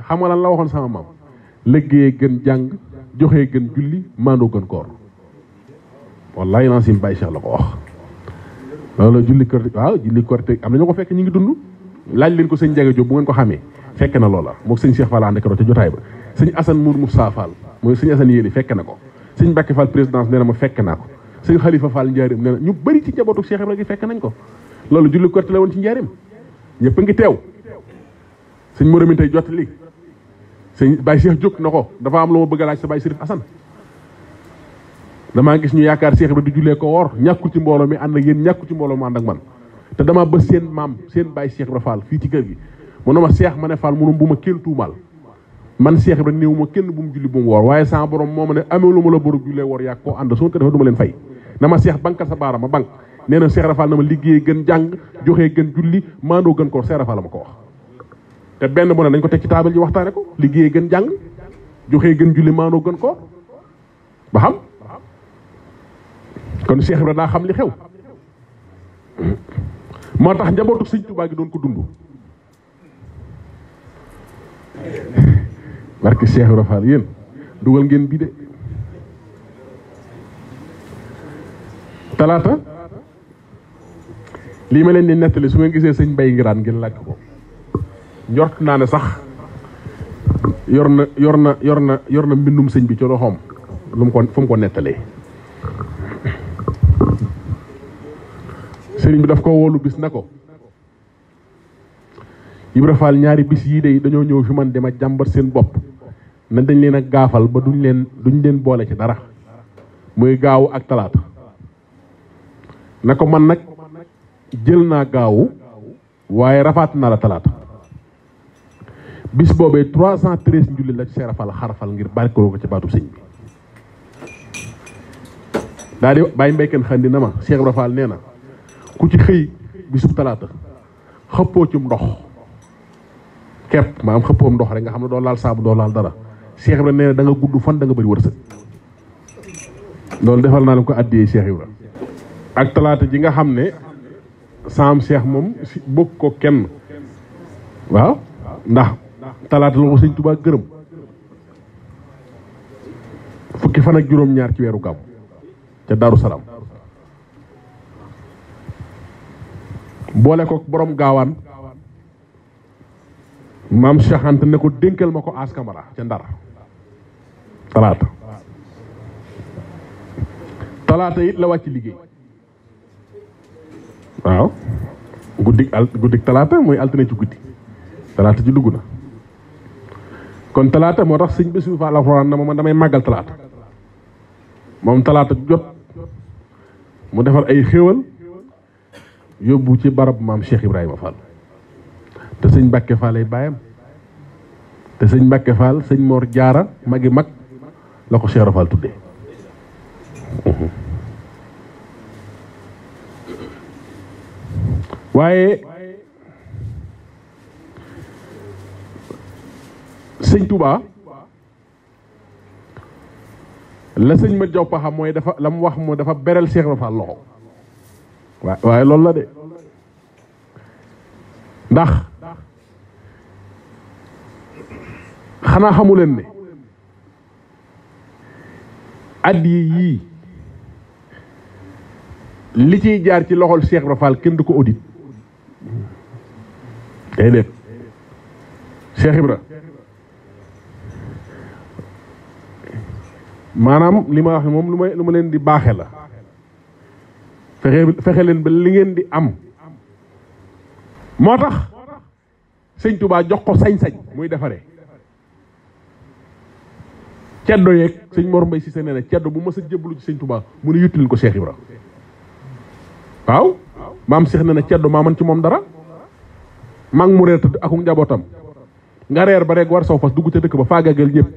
xam nga lan la waxon sama mam liggey gën jang joxe gën julli mando gën kor wallahi lan seigne Baye Cheikh lako wax loolu julli korte waaw julli te am nañ ko fekk ñi ngi dund laaj leen ko seigne Jaga job bu ngeen ko xamee fekk na lola moog seigne Cheikh Fall ànd keroog ca jotaay ba seigne Assane Mour Moussa Fall mooy Assane yeli fekk na ko sëñ Mbacke Fall présidence nee na ma fekk naa ko sëñ Khalifa Fall njaarim nee ñu bëri ci njabootu Cheikh Ibrahima gi fekk nañ ko loolu julli korte la woon ci njaarim ñëpp a ngi teew sëñ Moramin tey jot li sëñ Baye Cheikh jóg na ko dafa am loo ma bëgg laaj sa Baye Chérif Assane damaa gis ñu yaakaar seex bi di jullee ko woor ñàkku ci mbooloo mi ànd ak yéen ñàkku ci mbooloo mi ànd ak man te dama ba seen maam seen Baye Cheikh Ibrahima Fall fii ci kër gi mu ne ma seex ma ne Fall munum bu ma kenn tuumaal man Cheikh Ibrahima néew ma kenn bu mu julli bu mu woor waaye sama borom moo ma ne ameelu ma la borom jullee woor yàgg koo ànd soo ko defee du ma leen fay na ma Cheikh banka sa baara ma bank nee na Cheikh Rafal na ma liggéey gën jàng joxee gën julli maandoo gën ko Cheikh Rafal ma ko wax benn bu dañ ko teg ci taabal ji waxtaane ko gën jàng gën julli maandoo gën ko ba xam kon Cheikh daa xam li xew moo tax njabootu sëñ Tuubaa gi doon ko dund barke Cheikh Rafal yéen dugal ngeen bi de talaata lii ma leen di nettali su ngeen gisee sëñ Mbay Ngiraan ngeen laaj ko njort naa ne sax yor na yor na yor na yor na mbindum sëñ bi ci loxoom lu ko fu ko nettalee sëriñ bi daf ko woolu bis na ko Ibra Fall ñaari bis yii de dañoo ñëw fi man di ma jàmbat seen bopp na dañ leen a gaafal ba duñ leen duñ leen boole ci dara muy gaawu ak talaata na ko man nag jël naa gaawu waaye rafaat naa la talaata bis boobee trois cent treize njulli la Cheikh Fall xarafal ngir barkeloo ko ci baatu sëñ bi daa di bàyyi mbéykan na ma Cheikh Ibra nee na ku ci xëy bisub talaata xëppoo cim ndox kep ma am xepom ndox rek nga xam ne doo laal saabu do laal dara Cheikh ibrahim neena da nga guddu fan da nga bari wërsëg loolu defal na lam ko addiyee Cheikh ibrahim ak talata ji nga xamne sam Cheikh mom si bokk ko kenn waaw ndax talata lu ko seigne touba geureum fukki fan ak juroom ñaar ci wéru gam ca daru salam bolé ko borom gawan maam Cheikh ne ko dénkal ma ko As Camara ca Ndar talaata talaata it la wàcc liggéey waaw guddik al guddik talaata mooy altine ci guddi talaata ci dugg na kon talaata moo tax sëñ Bassirou Fall alxuraan na man damay màggal talaata moom talaata jot mu defal ay xéwal yóbbu ci barab maam Cheikh Ibrahima Fall te sëñ Mbàkke Fall ay baayam te sëñ Mbàkke Fall sëñ Mor Jaara magi mag la ko Cheikh Fall tuddee mhm. waaye sëñ Touba la sëñ ma jopp mooy dafa la mu wax mu dafa beral Cheikh Fall loxo waaye loolu la de ndax xanaa xamu leen ne addiya yii li ciy jaar ci loxol Cheikh Ibra Fall kenn du ko audit day déet maanaam li ma wax ne moom lu may lu ma leen di baaxe la fexe fexe leen ba li ngeen di am moo tax sëñ Touba jox ko sañ-sañ muy defaree ceddo yeeg sëñ Mor Mbaye Cissé nee na ceddo bu mës a jébbalu ci sëñ Touba mu ne yuttil ko Cheikh Ibra waaw maam Cheikh nee na ceddo maa man ci moom dara maa mu reer tëdd ak um njabootam nga reer ba rek war saw fas dugg ca dëkk ba faagaagal ñëpp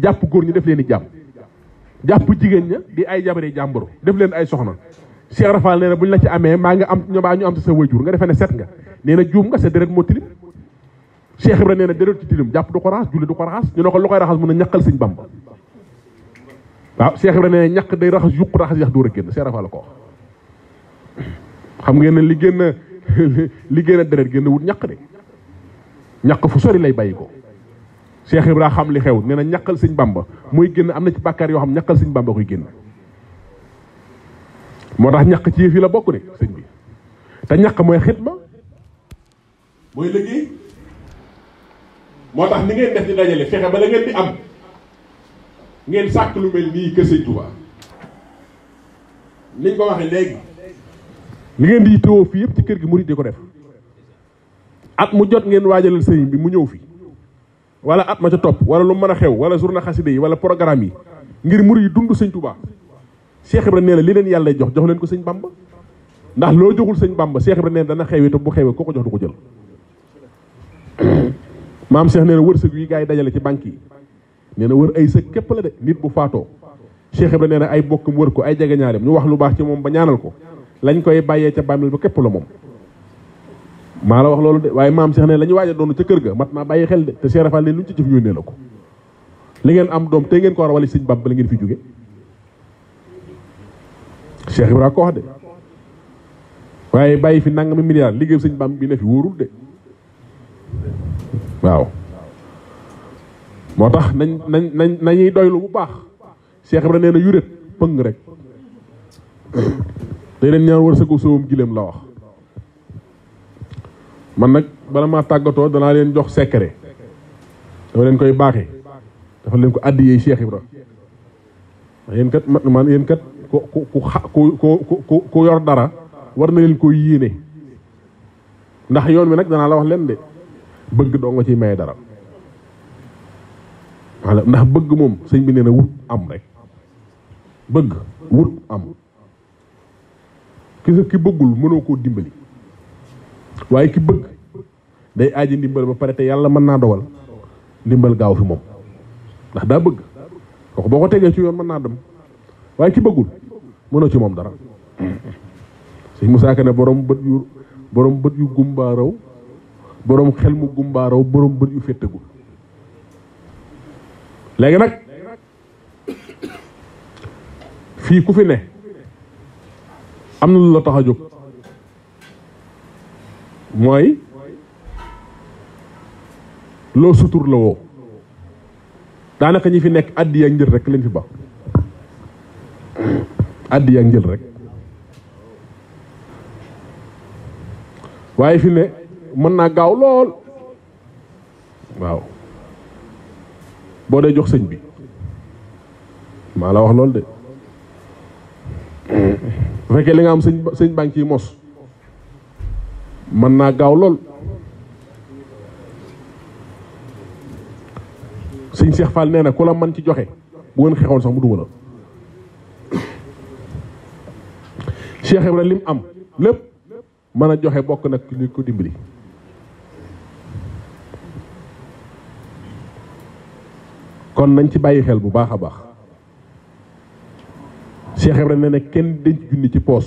jàpp góor ñi def leen i jàmm jàpp jigéen ña di ay jabari jàmbur def leen ay soxna Cheikh Rafal nee na bu ñu la ci amee maa ngi am ñoo baa ñu am sa sa wayjur nga defee ne set nga nee na juum nga sa deret moo Cheikh Ibra nee na déréet ci tilim jàpp du ko raxas julli du ko raxas ñu ne ko lu koy raxas mun a ñaqal sëñ Bamba waaw Cheikh Ibra nee na ñaq day raxas yuq raxas yax dóor a génn Cheikh Rafa ngeen ne li gën a <laughs> li gën a ñaq de sori lay bàyyi ko Cheikh xam li xew nee na ñaqal sëñ Bamba muy génn am na ci bàkkaar yoo xam ñaqal sëñ Bamba koy génn moo tax ñaq ci yëf yi la bokk de sëñ bi te ñaq mooy xitma mooy motax ni ngeen def di dajale fexé ba la ngeen di am ngeen sak lu mel ni ke seigne Touba niñ ko waxe léegi li ngeen di tëwoo fi yep ci kër gi mouride diko def at mu jot ngeen waajalal seigne bi mu ñew fi wala at ma ca top wala lu mën xew wala journée xasida yi wala programme yi ngir mouride dundu seigne Touba Cheikh ibrahim neena li leen yalla jox jox leen ko seigne Bamba ndax lo joxul seigne Bamba Cheikh ibrahim nee dana xewi to bu xewee ko ko jox du ko jël maam cheikh neena na wërsëg yi gars dajale ci banki neena wër ay sëg képp la de nit bu faato cheikh ibrahim neena ay bokkum wër ko ay jegeñaaleem ñu wax lu baax ci moom ba ñaanal ko lañ koy bàyyee ca bamil bu képp la moom ma la wax loolu de waaye maam cheikh neena lañu ñu waaj doonu ca kër ga mat naa bàyyi xel de te cheikh rafal ne lu ci jëf yónnee la ko li ngeen am doom te ngeen ko war a wala sëñ bab la ngeen fi jóge cheikh ibrahim ko wax de waaye bàyyi fi nangami milliard liggéey sëñ bam bi ne fi wóorul de waaw moo tax nañ nañ nañ nañuy doylu bu baax Cheikh Ibra nee na yuréet pëng rek <coughs> day leen ñaan wërsëgu sowum giléem la wax man nag bala maa tàggatoo danaa leen jox secret dafa leen koy baaxee dafa leen ko àddi yeey Cheikh Ibra yéen kat man yéen kat ku ku ku ku ku yor dara war na leen koy yéene ndax yoon wi nag danaa la wax leen de bëgg doo nga ciy maye dara maanaam ndax bëgg moom sëñ bi nee na wut am rek bëgg wut am ki ki bëggul mënoo koo dimbali waaye ki bëgg day aaji ndimbal ba pare te yàlla mën naa dogal ndimbal gaaw fi moom ndax daa bëgg kooku boo ko tegee ci yoon mën naa dem waaye ki bëggul mënoo ci moom dara sëñ Musaa Ka ne borom bët yu borom bët yu gumba raw boroom xel mu gumbaaroo boroom bët yu féttagul léegi nag fii ku fi ne am na lu la tax a jóg mooy loo sutur la woo daanaka ñi fi nekk àddi yaa njël rek leen fi ba àddi njël rek waaye fi ne mën naa gaaw lool waaw boo dee jox sëñ bi maa la wax loolu de bu fekkee li nga am sëñ sëñ baa ngi ciy mos mën naa gaaw lool sëñ Cheikh Fall nee na ku la man ci joxe bu ngeen xexoon sax mu duma la Cheikh Ibrahim lim am lépp mën a joxe bokk nag li ko dimbali kon nañ ci bàyyi xel bu baax a baax Cheikh Ibrahima ne ne kenn denc junni ci poos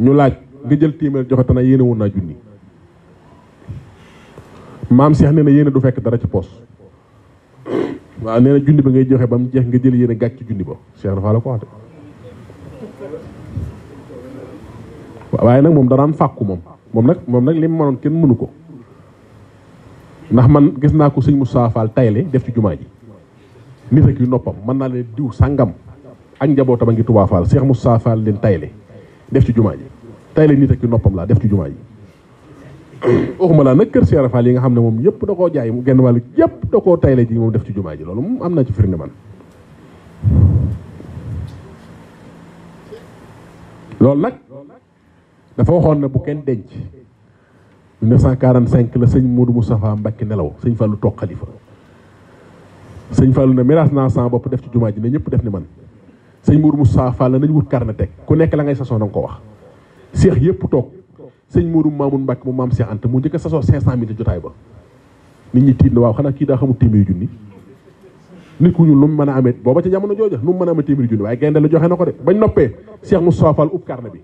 ñu laaj nga jël téeméer joxe tana yéene woon naa junni maam Cheikh nee na yéene du fekk dara ci poos waaw nee na junni ba ngay joxe ba mu jeex nga jël yéene gàcc ci junni ba Cheikh dafa la ko wax waaye nag moom danaan fàkku moom moom nag moom nag li mu mënoon kenn mënu ko ndax man gis naa ko sëñ mu Fall tayle def ci jumaa ji nit ak yu noppam mën naa leen diw sàngam ak njabootam a ngi Touba Fall Cheikh Moussa Fall leen tayle def ci jumaa ji tayle nit ak yu noppam laa def ci jumaa ji <coughs> waxuma laa nag kër Cheikh yi nga xam ne moom yëpp da koo jaay mu genn wàll yëpp da koo tayle ji moom def ci jumaa ji loolu moom am naa ci firnde man loolu nag dafa waxoon ne bu kenn denc 1945 la sëñ Modou Moustapha Mbacké nelaw sëñ Fallou toog xalifa sëñ Fallou ne miraas naa sama bopp def ci jumaa ji ne ñëpp def ni man sëñ Modou Moustapha la nañ wut carnet teg ku nekk la ngay sasoo na nga ko wax seex yëpp toog sëñ Modou Mamoun Mbacké mu maam Seex Anta mu njëkk a sasoo 500000 jotaay ba nit ñi tiit na waaw xanaa kii daa xamul téeméeri junni nit musafal ñuul lu mu mën a jamono bañ carnet bi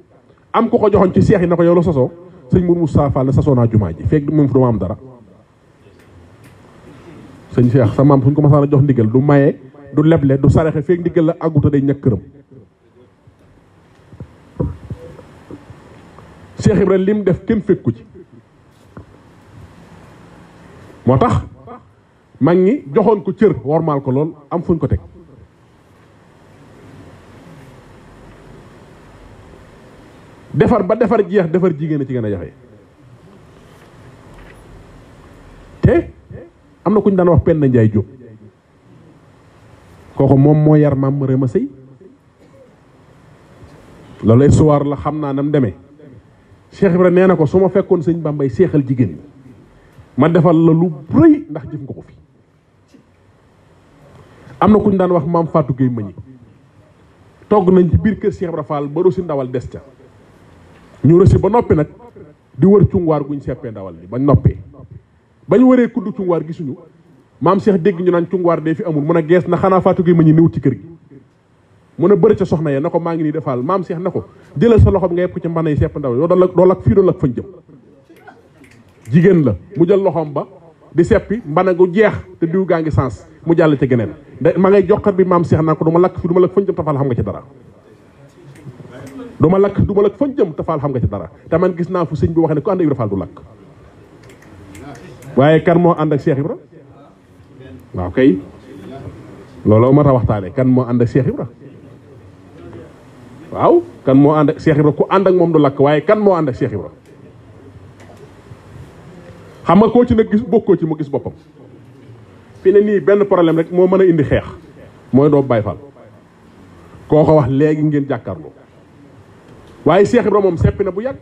am ku ko joxoon ci seex yi na yow sëñ Mourou Moussa Fall sa soona jumaa ji fekk moom fi du dara sëñ Cheikh sa maam suñ ko masaan a jox ndigal du maye du leble du saraxe fekk ndigal la àgguta day ñàkk këram Cheikh Ibrahima lim def kenn fekku ci moo tax mag ñi joxoon ko cër wormaal ko lool am fuñ ko teg defar ba defar jeex defar jigen ci gëna a té te kuñ daan wax pen ndjay jóg koko mom mo yar mam rëma sey loolu ay la xamna nam démé cheikh ibrahim néna na ko suma fekkon fekkoon bambay seexal jigéen ma defal la lu reuy ndax jëf nga ko fi amna kuñ daan wax mam fatou gey mañi tok nañ ci bir keur cheikh ibrahim fall ba rosi ndawal dess ñu rësi ba noppi nak di wër cunguwaar guñu seppee ndawal li bañ noppee bañ wëree kudd cunguwaar gisunu mam cheikh dégg ñu ci cunguwaar dé fi amul mun a na xana faatu gi ma ñu ci kër gi mun a bëri soxna ya nako ma ngi ni nako, mam cheikh nako jël sa loxob nga yëpp ci mbanay sepp ndaw yoo dool do lak fi do lak fañ jëm jigen la mu jël loxom ba di seppi mbana gu jeex te diw gaangi sans mu jall ci geneen ma ngay joxat bi mam cheikh nako duma lak fi duma lak fañ jëm tafal xam nga ci dara du ma lakk du ma lakk fañ jëm te faal xam nga ci dara te man gis naa fu sëñ bi waxe ne ku ànd ak Ibra Faal waaw kay looloo mat a waxtaane kan moo ànd ak Cheikh Ibra kan moo ànd ak ku ànd ak moom du lakk waaye kan moo ànd ak Cheikh Ibra xam nga koo ci nag gis bokkoo ci mu gis boppam fi ne nii benn problème rek moo mën a indi xeex mooy doo Baay Faal koo ko wax léegi ngeen jàkkaarloo waaye Cheikh Ibra moom seppi na bu yàgg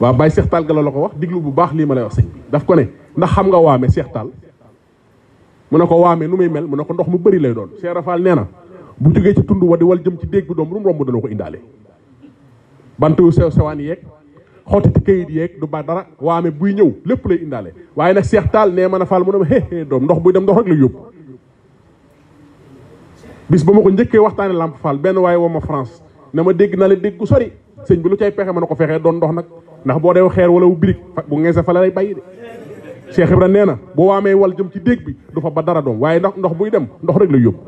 waaw Baye Cheikh Tall la ko wax diglu bu baax lii ma lay wax sëñ bi ko ne ndax nga waame Cheikh Tall mu ko waame nu muy mel mu ne ko ndox mu bëri lay doon Cheikh nee na bu jógee ci tund wa di jëm ci déeg doom rum romb ko indaale bant yu sew sewaan yeeg xottiti yeeg du ba dara buy ñëw lépp lay indaale waaye nag Cheikh Tall nee mën a faal mu ne doom ndox buy dem ndox rek la yóbbu bis ba ma ko njëkkee waxtaane làmp Fall benn waaye woo ma France na ma dégg naa la dégg gu sori sëñ bi lu cay pexe ma na ko fexee doon ndox nag ndax boo dew xeer wala wu birig bu ngeese fa bay lay bàyyi de nee na boo waamee wal jëm ci déeg bi du fa ba dara doom waaye ndox ndox buy dem ndox rek la yóbbu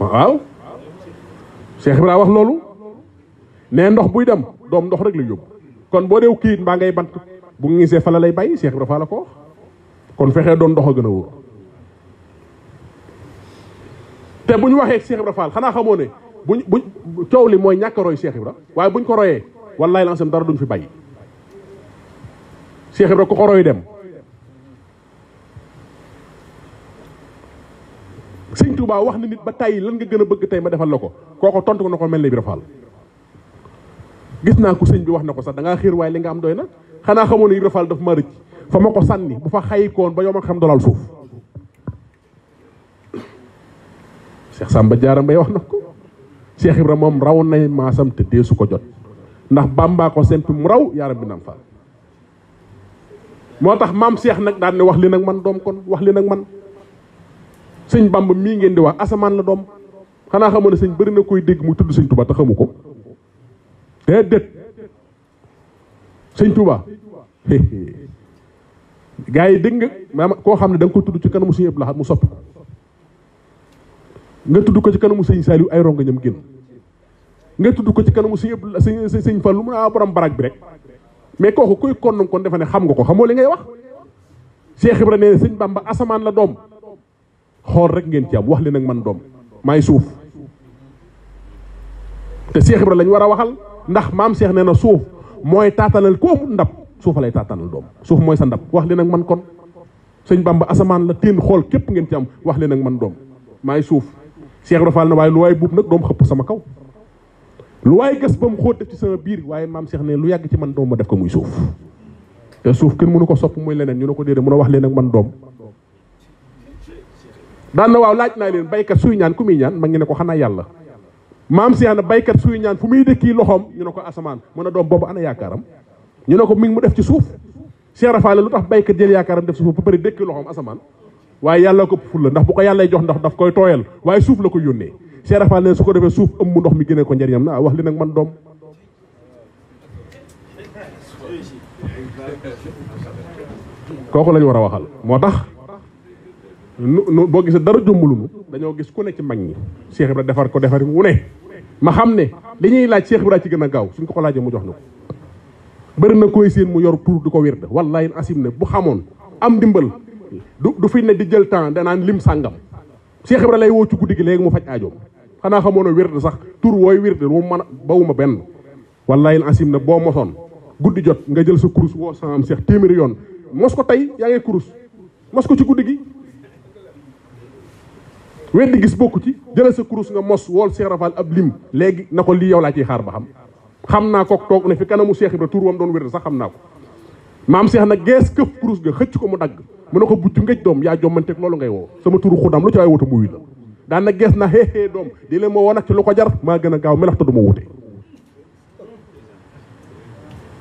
waaw Cheikh Ibra wax loolu ne ndox buy dem doom ndox rek la yóbbu kon boo dew kiit mbaa ngay bant bu ngisee fa la lay bàyyi Cheikh Ibra fa ko kon fexe doon ndox a gën a wóor te buñ waxé cheikh ibra fall xana xamone buñ buñ coow li mooy roy cheikh ibra waye buñ ko royé wallahi wallaay sam dara duñ fi bàyyi cheikh ibra ku ko roy dem seigne Touba wax na nit ba tay lan nga gëna bëgg tay ma defal lako koko tontu na ko mel ni Ibra Fall gis na ko seigne bi wax nako sa da nga xir way li nga am doyna xana xamone xamoon Ibra Fall daf ma rëcc fa mako sanni bu fa koon ba yow ma xam dolal suuf Cheikh Samba jaara Mbaye wax na ko Cheikh ibrahim mom raw nay maasam te de su ko jot ndax Bamba ko sempi mu raw ya rabbi nam faal motax mam Cheikh nak dal ni wax li nak man dom kon wax li nak man seigne Bamba mi ngeen di wax asaman la dom xana xamone seigne sëñ na koy deg mu tuddu seigne Touba ta xamuko ko déedéet Touba gaay deug ko xamne dang ko tuddu ci kanamu seigne ibrahim mu soppi nga tuddu ko ci kanamu seigne Saliou ay ñam génn nga tuddu ko ci kanamu sëñ seigne seigne fallu mu na ah, borom barak bi rek mais koku kuy konn kon defane xam nga ko xamoo li ngay wax Cheikh Ibra ne seigne Bamba asaman la dom xool rek ngeen ci am wax li nak man dom may souf te Cheikh Ibra lañ wara waxal ndax mam Cheikh nee na suuf mooy taatanal mu ndab souf lay tatanal dom souf moy sa ndab wax li nak man kon seigne Bamba asaman la teen xol kep ngeen ci am wax li nak man dom may souf Cheikh Ibra Fall ne waaye lu way bub nak dom xep sama kaw lu way gess bam xoot def ci sama bir waye mam Cheikh ne lu yag ci man dom ma def ko muy souf te souf ken munu ko sop muy lenen ñu ko déedéet wax leen ak man dom dan na waw laaj len bay baykat suy ñaan ku mi ñaan ma ngi ne ko xana yalla mam Cheikh na baykat suy ñaan fu mi dëkki loxom ñu ne ko asaman. ana yakaram ñu ne ko mi ngi mu def ci souf Cheikh Ibra Fall lu tax jël yakaram def souf ba waye yalla ko fulla ndax bu ko yalla jox ndax daf koy tooyal waye souf la ko yónnee Cheikh Rafal ne su ko defee suuf ndox mi gene ko njariñam na wax li nak man dom kooku lañu wara waxal motax tax nu boo gisee dara jomulunu dañu gis ku ne ci magni Cheikh Ibra defar ko defar wu ne ma xamne liñuy li laaj Cheikh Ibra ci gëna a gaaw suñ ko ko laajee mu jox nako ko na koy seen mu yor tour di ko wér da asim ne bu xamone am dimbal du du fi ne di jël temps nan lim sangam Cheikh ibrahim lay wo ci guddigi leg mu fajj aajoom xana xamono wird sax tur woy wird mu mën bawuma ben wallahi asim na mo son guddi jot nga jël sa cruise wo sangam Cheikh temir yon mos ko tey yaa ngi kurus mos ko ci guddigi gi gis bokku ci jël sa cruise nga mos wol Cheikh Rafal ab lim leg nako li yow la ci xaar ba xam xamna ko tok ne fi kanamu Cheikh ibrahim tur wam don wird sax xamna ko maam cheikh nak ges keuf kurus ga xecc ko mu dag mu ne ko bucc ngej ya yaa jommanteeg loolu ngay wo sama turu khudam lu ci waay wuta muyu la dan na ges na hehe dom di le mo won ak ci lu ko jar ma gëna gaaw melax te du ma wute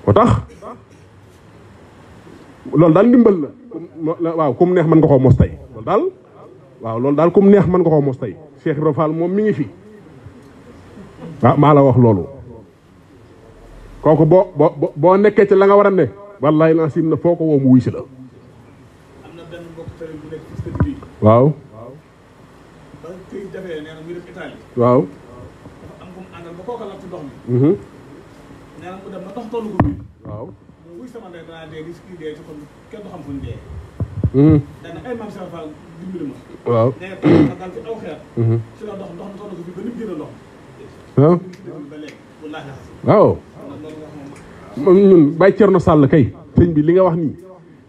ko tax la waaw kum neex man nga ko mos tey lol dal waaw lol dal kum neex man nga ko mos tey Cheikh Ibrahima Fall moom mi ngi fi ah, ma la wax lolou kooku bo bo bo nekkee ci la nga wara nekk wallaay naa sim na foo ko woo wuy si la. waaw. waaw. waaw. Mhm. waaw. ñun Baye Thierno Sall kay sëñ bi li nga wax nii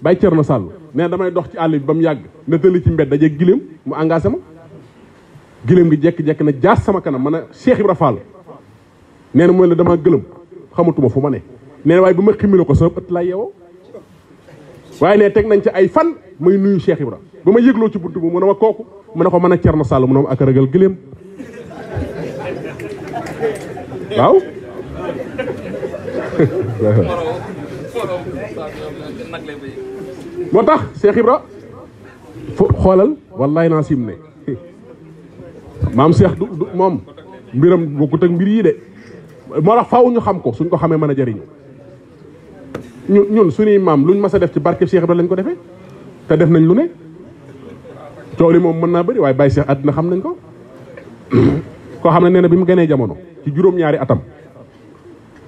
Baye Thierno Sall nee damay dox ci àll bi ba mu yàgg na tëll ci mbedd dajeeg gileem mu engagé ma. gileem gi jekk-jekk na jaas sama kanam man a Cheikh Ibra Fall nee na mooy la damaa gëlëm xamatuma fu ma ne nee na waaye bu ma ximmi ko sa ëtt laay yeewoo waaye ne teg nañ ci ay fan may nuyu Cheikh Ibra ba ma yëgloo ci buntu bi mu ne ma kooku mu ne ko mën a Thierno Sall mu ne ma ak ragal gileem waaw. moo tax Cheikh Ibra fo xoolal wallaay naa mam, ne maam Cheikh du du moom mbiram bokkut ak mbir yi de moo tax faaw ñu xam ko suñ ko xamee mën a jëriñu ñun ñun suñuy maam luñ mas a def ci barke Cheikh Ibra lañ ko defee te def nañ lu ne coow li Cheikh xam nañ ko xam na jamono ci juróom-ñaari atam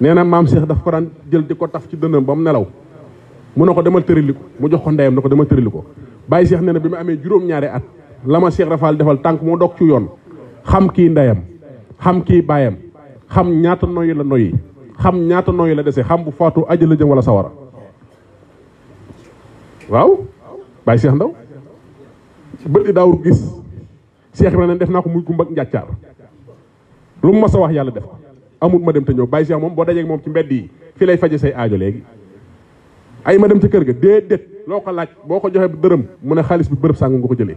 nee na maam Cheikh daf ko daan jël di ko taf ci dënnam ba mu nelaw mu ne ko demal tërili ko mu jox ko ndeyam ne ko demal tërili ko Baye seex nee na bi mu amee juróom-ñaari at la ma Cheikh defal tànk moo dog ci yoon xam kii ndeyam xam kii baayam xam ñaata noyyi la noyyi xam ñaata noyyi la dese xam bu faatu aji la jëm wala sawara waaw Baye Cheikh Ndaw bët di daawur gis Cheikh Ibrahima def naa ko muy gumba ak njàccaar lu mu mas a wax yàlla def amul ma dem te ñow baye mom bo dajé mom ci mbéddi fi lay faje say aajo légui ay ma dem ca kër ga déedéet loo ko laaj boko ko joxee dërëm mu ne xaliss bi bërëb sang nga ko jëlé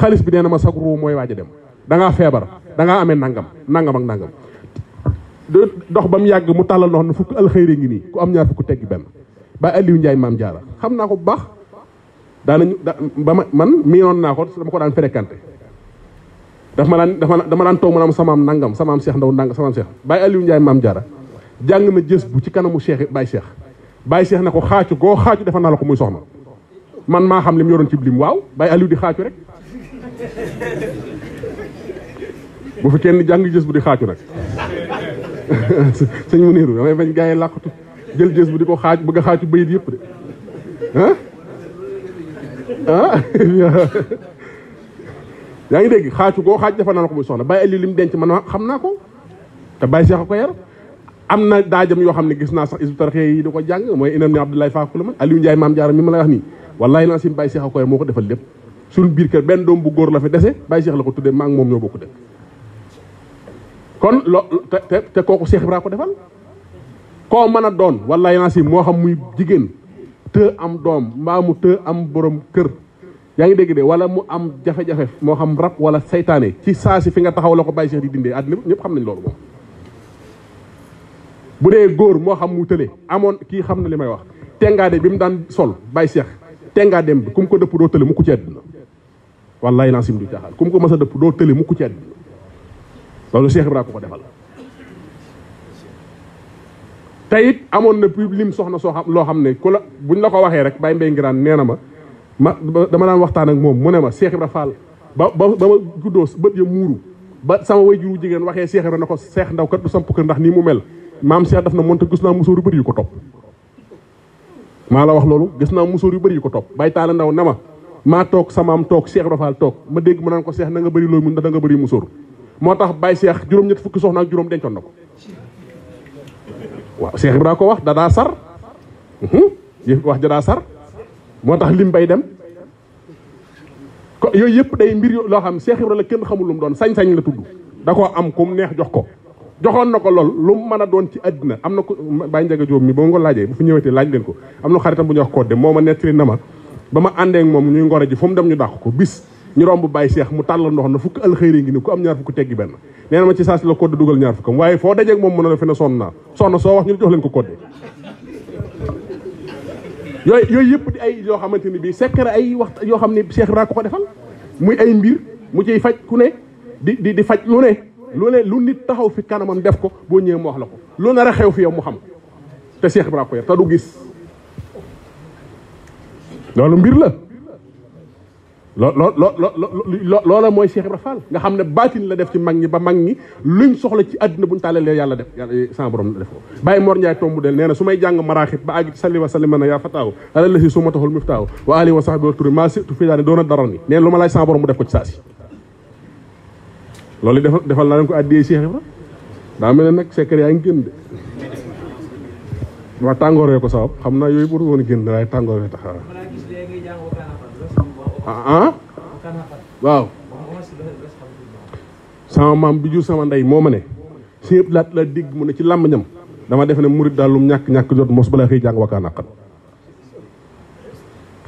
xaliss bi ma dem da nga feebar da nga amé nangam nangam ak nangam dox bam mu mu talal nox na al alxëyre ngi ni ku am ñaar fukk tegg ben ba Aliou Ndiaye mam jaara xamna ko bax da daanañu man mi man na ko dama ko daan fréquenté daf ma daan daf ma dama daan ma naam samaam nangam samaam Cheikh Ndaw nangam samaam Cheikh Baye Aliou Ndiaye maam Diarra jàng ma jës bu ci kanamu Cheikh Baye seex Baye seex na ko xaacu koo xaacu defal na la ko muy sox ma man maa xam li mu yoroon ci lim waaw Baye Aliou di xaacu rek bu fi kenn jàng jës bu di xaacu nag <laughs> sëñ mu niiru damay bañ gars yi làqatu jël jës bu di ko xaaj bëgg a xaacu bayit yëpp de ah <laughs> ah yaa ngi dégg xaaju koo xaaj defal na ko muy soxna bàyyi ali li mu denc man xam naa ko te bàyyi seex a ko yar am na daajam yoo xam ne gis naa sax isbu tarxee yi di ko jàng mooy inam ni Abdoulaye Fakku la man Aliou Ndiaye maam Diarra mi ma lay wax nii wallaay naa sim bàyyi seex a ko yar biir kër benn doom bu góor la fi dese bàyyi seex la ko tuddee maa ngi moom ñoo def kon te kooku Seex Ibra ko defal koo mën a doon wallaay naa sim moo xam muy jigéen te am doom mbaa mu am borom kër yaangi dégg de wala mu am jafe-jafe moo xam rab wala seytaane ci saa si fi nga taxaw la ko bàyyi Cheikh di dindee àddina ñëpp xam nañ loolu moom bu dee góor moo xam mu tële amoon kii xam na li may wax tengaade bi mu daan sol bàyyi Cheikh tengaadeem bi ku mu ko dëpp doo tële mukk ci àddina wallahi naa sim du caaxaan ku mu ko mas a dëpp doo tële mukk ci àddina loolu Cheikh Ibrahima ko defal tayit amoon na lim soxna soo xam loo xam ne ku la buñ la ko waxee rek bàyyi mbay ngiraan nee na ma ma dama daan waxtaan ak moom mu ne ma Cheikh Ibra Fall ba ba ba ma guddoo bët ya muuru ba sama way juru jigéen waxee Cheikh Ibra ne ko Cheikh ndaw kat du samp kër ndax nii mu mel maam Cheikh daf na monte gis naa musóor yu bëri yu ko topp maa la wax loolu gis naa musóor yu bëri yu ko topp bay taala ndaw ne ma maa toog samaam toog Cheikh Ibra Fall toog ma dégg mu naan ko Cheikh na nga bëri looy mu da nga bëri musóor moo tax Cheikh juróom-ñett fukki soxna ak juróom dencoon na ko waaw Cheikh Ibra ko wax dadaa sar mhm, wax jadaa sar moo tax lim bay dem ko yooyu yëpp day mbir loo xam Cheikh Ibra la kenn xamul lu mu doon sañ-sañ la tudd da koo am ku mu neex jox ko joxoon na ko lool lu mu mën a doon ci àddina am na ko Baye Ndiaga Diop mi ba ma ko laajee bu fi leen ko am na xaritam bu ñuy wax moo ma nettali na ma àndee moom ñuy ngoro ji fu mu dem ñu dàq ko bis ñu romb Baye Cheikh mu tàllal ndox na fukk alxëyri ngi ni ku am ñaar fukk teggi benn nee na ma ci saasi la Codé dugal ñaar fukkam waaye foo dajeeg moom mën a la fi ne sonn naa sonn soo wax ñu jox leen ko Codé yooyu yooyu yëpp di ay yoo xamante ni bii secret ay wax yoo xam ne Cheikh Ibra ko ko defal muy ay mbir mu ciy faj ku ne di di di faj lu ne lu ne lu nit taxaw fi kanamam def ko boo ñëwee mu wax la ko lu nar a xew fi yow mu xam te Cheikh Ibra ko yar te du gis loolu mbir la loo loo loo loola mooy Cheikh Ibra Fall nga xam ne baatin la def ci mag ñi ba mag ñi luñ soxla ci àdduna buñ tàllalee yàlla def yàlla sans borom def ko Baye Mor Ndiaye tombu del nee na su may jàng maraaxib ba àgg salli wa sallimana yaa fataaw ala lasi su ma taxul miftaaw wa ali wa sahbi wa turi maa situ fii daane doon a dara ni neen lu ma laaj sans borom mu def ko ci saasi loolu defal defal naa leen ko addiyee Cheikh Ibra daa mel ne nag secret yaa ngi génn de waa tàngoor ko sabab xam naa yooyu bur woon a génn waaye tàngoor tax Ah, ah waaw sama maam bi jur sama ndey moo ma ne si laat la digg mu ne ci làmmiñam dama defe ne murit daal lum ñàkk-ñàkk jot mos balaa xëy jàng wakkaa naqat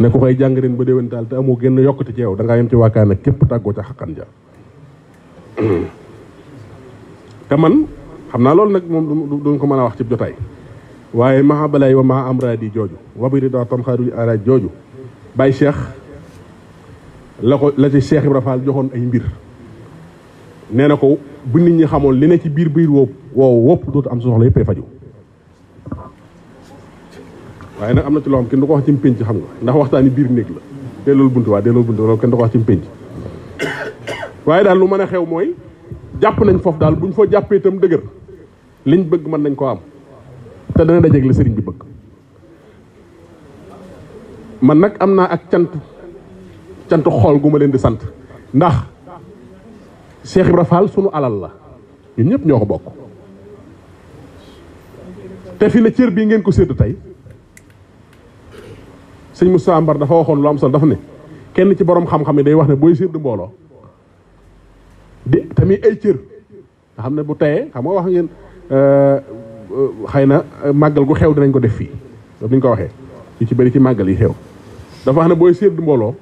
ne ko koy jàng ren ba déwén daal te amoo génn yokkute ci yow dangaa yem ci waakaa nag képp tàggoo ca xaqan ja <clears throat> te man xam naa loolu nag moom duñ ko mën a wax ci jotaay waaye maha balay wa am amradi jooju wabiri daa tan xaaruli jooju Baye Cheikh la ko la ci Cheikh Ibra Fall joxoon ay mbir nee na ko bu nit ñi xamoon li ne ci biir biir woowu woowu wopp dootu am soxla yëpp ay faju waaye nag am na ci loo xam kenn du ko wax ci pénc xam nga ndax waxtaani biir néeg la dee loolu buntu waa dee loolu buntu loolu kenn du ko wax ci pénc waaye daal lu mën a xew mooy jàpp nañ foofu daal bu ñu fa jàppee itam dëgër liñ bëgg mën nañ koo am te dana dajeeg la sëriñ bi bëgg man nag am naa ak cant cant xool gu ma leen di sant ndax Cheikh Ibra Fall sunu alal la ñun ñëpp ñoo ko bokk te fi la cër bii ngeen ko sédd tey sëñ Moussa Mbar dafa waxoon lu am solo dafa ne kenn ci borom xam-xam yi day wax ne booy sédd mbooloo di tamit ay cër nga xam ne bu tayee xam nga wax ngeen euh, xëy na màggal gu xew dinañ ko def fii daf ko waxee yu ci bëri ci màggal yi xew dafa wax ne booy sédd mbooloo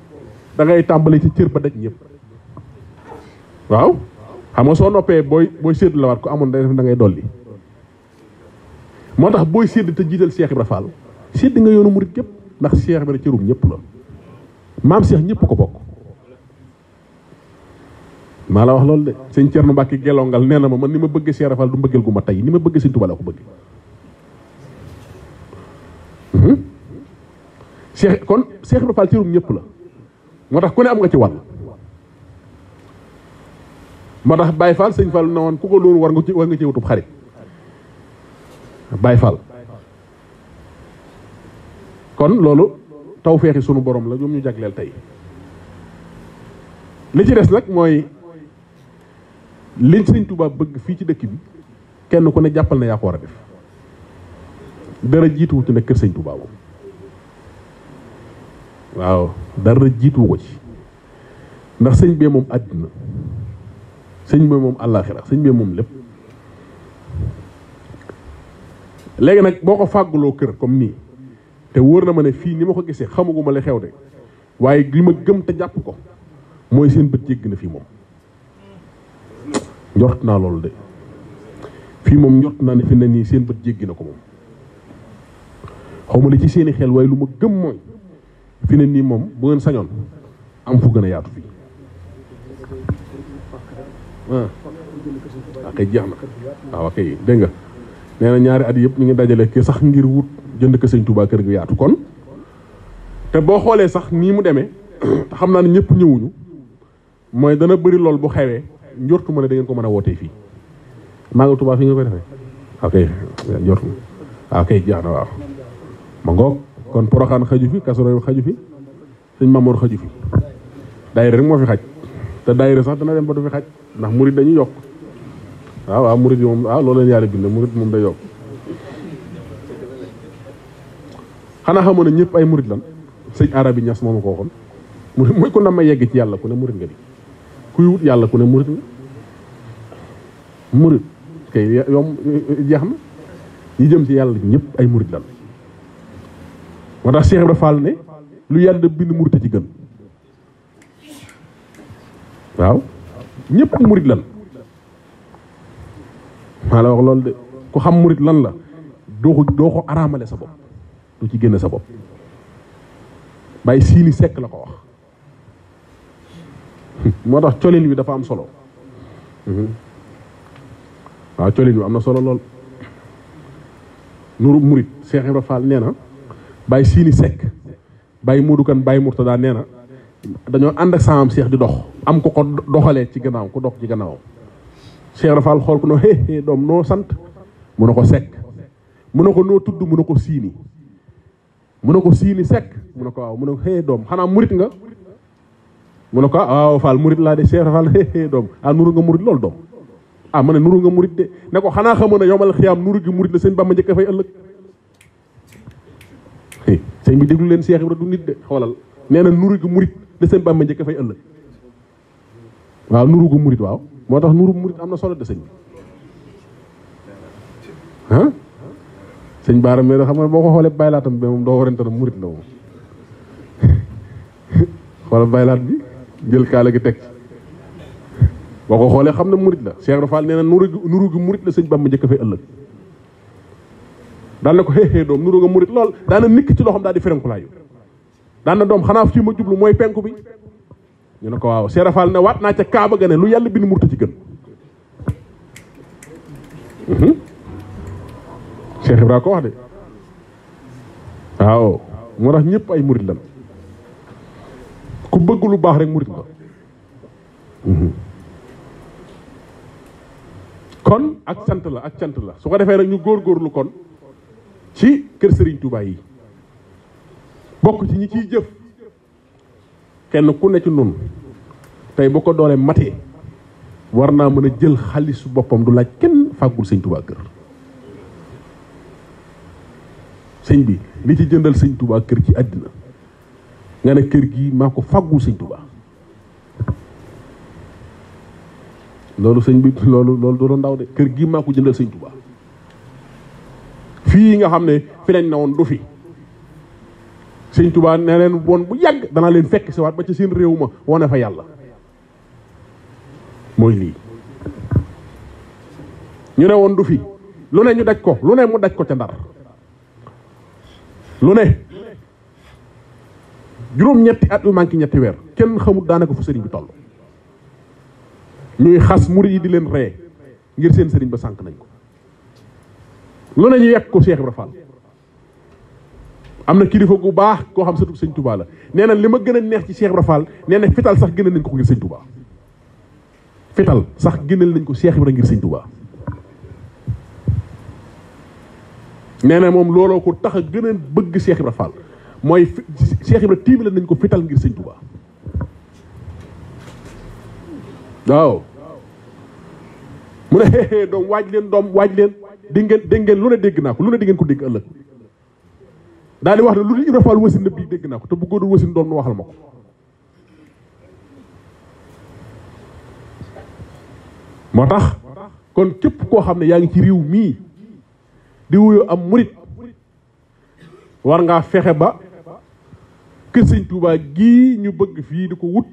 da ngay tambali ci cieur ba daj ñep waaw xam nga soo noppee boy booy sédd la wat ko amul day def da ngay dolli motax boy sedd te jiital Cheikh ibrahim Fall sedd nga yoonu mourid kep ndax Cheikh ci cërum ñep la mam Cheikh ñep ko bok mala wax lol de seigne cierno Mbacke gelongal neena ma man ni ma bëgg Cheikh Ibra du mbëggeel guma tay tey ni ma bëgg seigne Touba la ko bëgg hmm? Cheikh kon Cheikh Ibra ci cërum ñep la motax ku ne am nga ci wal motax Baye Fall seigne Fall non ku ko lolu war nga ci war nga ci wutub xarit Baye Fall kon lolu taw sunu borom la ñoom ñu jaglel tay li ci dess nak moy liñ seigne Touba bëgg fi ci dëkk bi kenn ku ne jappal na ya ko wara def dara ci Touba waaw dara jiitu ko ci ndax sëñ bee moom àddina sëñ bee moom àllaaxira sëñ bee moom lépp léegi nag boo ko fàgguloo kër comme nii te wër na ma ne fii ni ma ko gisee xamaguma li xew de waaye li ma gëm te jàpp ko mooy seen bët yëgg na fii moom njort naa loolu de fii moom njort naa ne fi ne nii seen bët jéggi na ko moom xaw ma li ci seeni xel waaye lu ma gëm mooy fi ne nii moom bu ngeen sañon am fu gëna yaatu fi ah akay jeex ah akay de nga neena ñaari at yëpp ñu ngi dajale ke sax ngir wut jënd ke señ Touba kër gi yaatu kon te bo xolé sax ni mu démé xamna ni naa ne ñëpp ñëwuñu mooy dana bëri lool bu xewé ñortu mëna da ngeen ko mëna woté fi fii màggal Touba fi nga koy défé akay ñortu akay ah, jeex waaw ma ngoog kon poroxaan xaju fi kasaroy xaju fi sëñ Mamoor xaju fi daayira rek moo fi xaj te daayira sax dana dem ba du fi xaj ndax murit dañuy yokk waaw waaw murit yi moom waaw loolu leen yàlla bind murit moom day yokk xanaa xamoon ne ñëpp ay murit lan sëñ arab yi ñas moom ko waxoon murit mooy ku nam a yegg ci yàlla ku ne murit nga di kuy wut yàlla ku ne murit nga murit kay yom jeex na ñi jëm ci yàlla ñëpp ay murit lan moo tax Cheikh Ibra Fall ne lu yàlla bind murit ci gën waaw ñëpp murit lan maa la wax loolu de ku xam murit lan la doo ko araamale sa bopp du ci génn sa bopp bàyyi siini sekk la ko wax <laughs> moo tax colin wi dafa am solo mhm. waaw colin wi am na solo lool nuru murit Cheikh Ibra Fall nee na bay Sini sek bay mudukan Kane Baye Mourtada nee na dañoo ak saamam Cheikh di dox am ko ko doxale ci gannaaw ko dox ci gannaawam Cheikh Rafal ko no he he dom no sant mu sek ko sek mu ko ko Sini mu ko Sini sek mu ko waaw mu ne ko hé murit nga mu ko waaw fal murit la de Cheikh Rafal <laughs> he he dom ah nuru nga murit lol dom ah mané nuru nga murit de nako ko xanaa yomal xiyaam nuru gi murit la seen bamba njëkk fay ëlëk Eh, sey mi deglu len Cheikh Ibra du nit de xolal neena nuru gu murid de sëñ Bamba njëkk fay eul waaw nuru gu murid waaw motax nuru murid amna solo de sëñ ha ah baram me mi xam nga boko ko baylatam be mom do doo warante <laughs> na murit la moom xoolal bi jël kala gi tek boko ko xamna murid la Cheikh Rafal neena nuru gu nuru gu murid la sëñ Bamba njëkk fay eul daan na ko xeexee doom nuroo nga murit lool daana nikk ci loxoom daal di ferenkulaayu daan na doom xanaa fii ma jublu mooy penku bi ñu ne ko waaw seerafaal ne waat naa ca kaaba ga lu yàlla bind murta ci gën mhm. Cheikh Ibra ko wax de waaw moo tax ñëpp ay murit lan ku bëgg lu baax rek murit la mhm. kon ak sant la ak sant la su ko defee rek ñu góor góorlu kon ci kër Serigne Touba yi bokk ci ñi ciy jëf kenn ku ne ci nun tey boo ko doole matee war naa mën a jël xaalisu boppam du laaj kenn fàggul sëñ Touba kër sëñ bi li ci jëndal sëñ Touba kër ci àddina nga ne kër gi maa ko fàggul sëñ Touba loolu sëñ bi loolu loolu doon ndaw de kër gi maa ko jëndal sëñ Touba fii nga xam ne fi lañ ne woon du fi sëñ Tuubaa ne leen woon bu yàgg dana leen fekk si ba ca seen réew ma wane fa yàlla mooy lii ñu ne woon du fi lu ne ñu daj ko lu ne mu daj ko ca ndar lu ne juróom ñetti at yu manqué ñetti weer kenn xamut daanaka fu sëriñ bi toll ñuy xas murid yi di leen ree ngir seen sëriñ ba sànq nañ ko lu ne ñu yekk ko Cheikh Ibra Fall am na kilifa gu baax koo xam sëtu sëñ la nee na li ma gën a neex ci Cheikh Ibra Fall nee na fital sax gënal nañ ko ngir sëñ Touba fital sax gënal nañ ko Cheikh Ibra ngir sëñ Touba nee na moom looloo ko tax a gën a bëgg Cheikh Ibra Fall mooy Cheikh Ibra tiimale nañ ko fital ngir sëñ Touba waaw mu ne doom waaj leen doom waaj leen di ngeen dégg ngeen lu ne dégg naa ko lu ne ko dégg ëllëg daal di wax ne lu di Ibra Fall wasin na bii dégg naa ko te bu góor wasin doom nu waxal ma ko moo tax kon képp koo xam ne yaa ngi ci réew mii di wuyu am murit war ngaa fexe ba kër Sëñ gii ñu bëgg fii di ko wut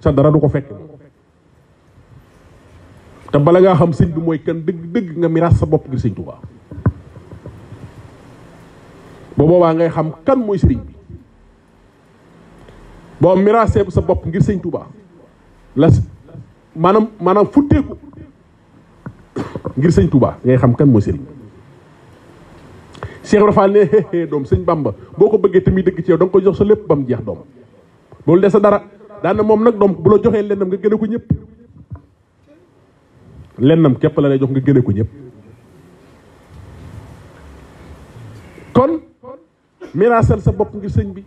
sa dara du ko fekk te bala ngaa xam sëñ bi mooy kan dëgg-dëgg nga miraas sa bopp ngir sëñ Tuubaa ba boobaa ngay xam kan mooy sëriñ bi boo sa bopp ngir sëñ Tuubaa la maanaam maanaam futteeku ngir sëñ Tuubaa ngay xam kan mooy sëriñ bi Cheikh Ibra Fall ne xeexee doom sëñ Bamba boo ko bëggee tamit dëgg ci yow da nga ko jox sa lépp ba mu jeex doom loolu de sa dara daana moom nag doom bu la joxee lenn nga gën ko ñëpp lennam képp la lay jox nga gëné ko ñëpp kon mirasal sa bop ngir señ bi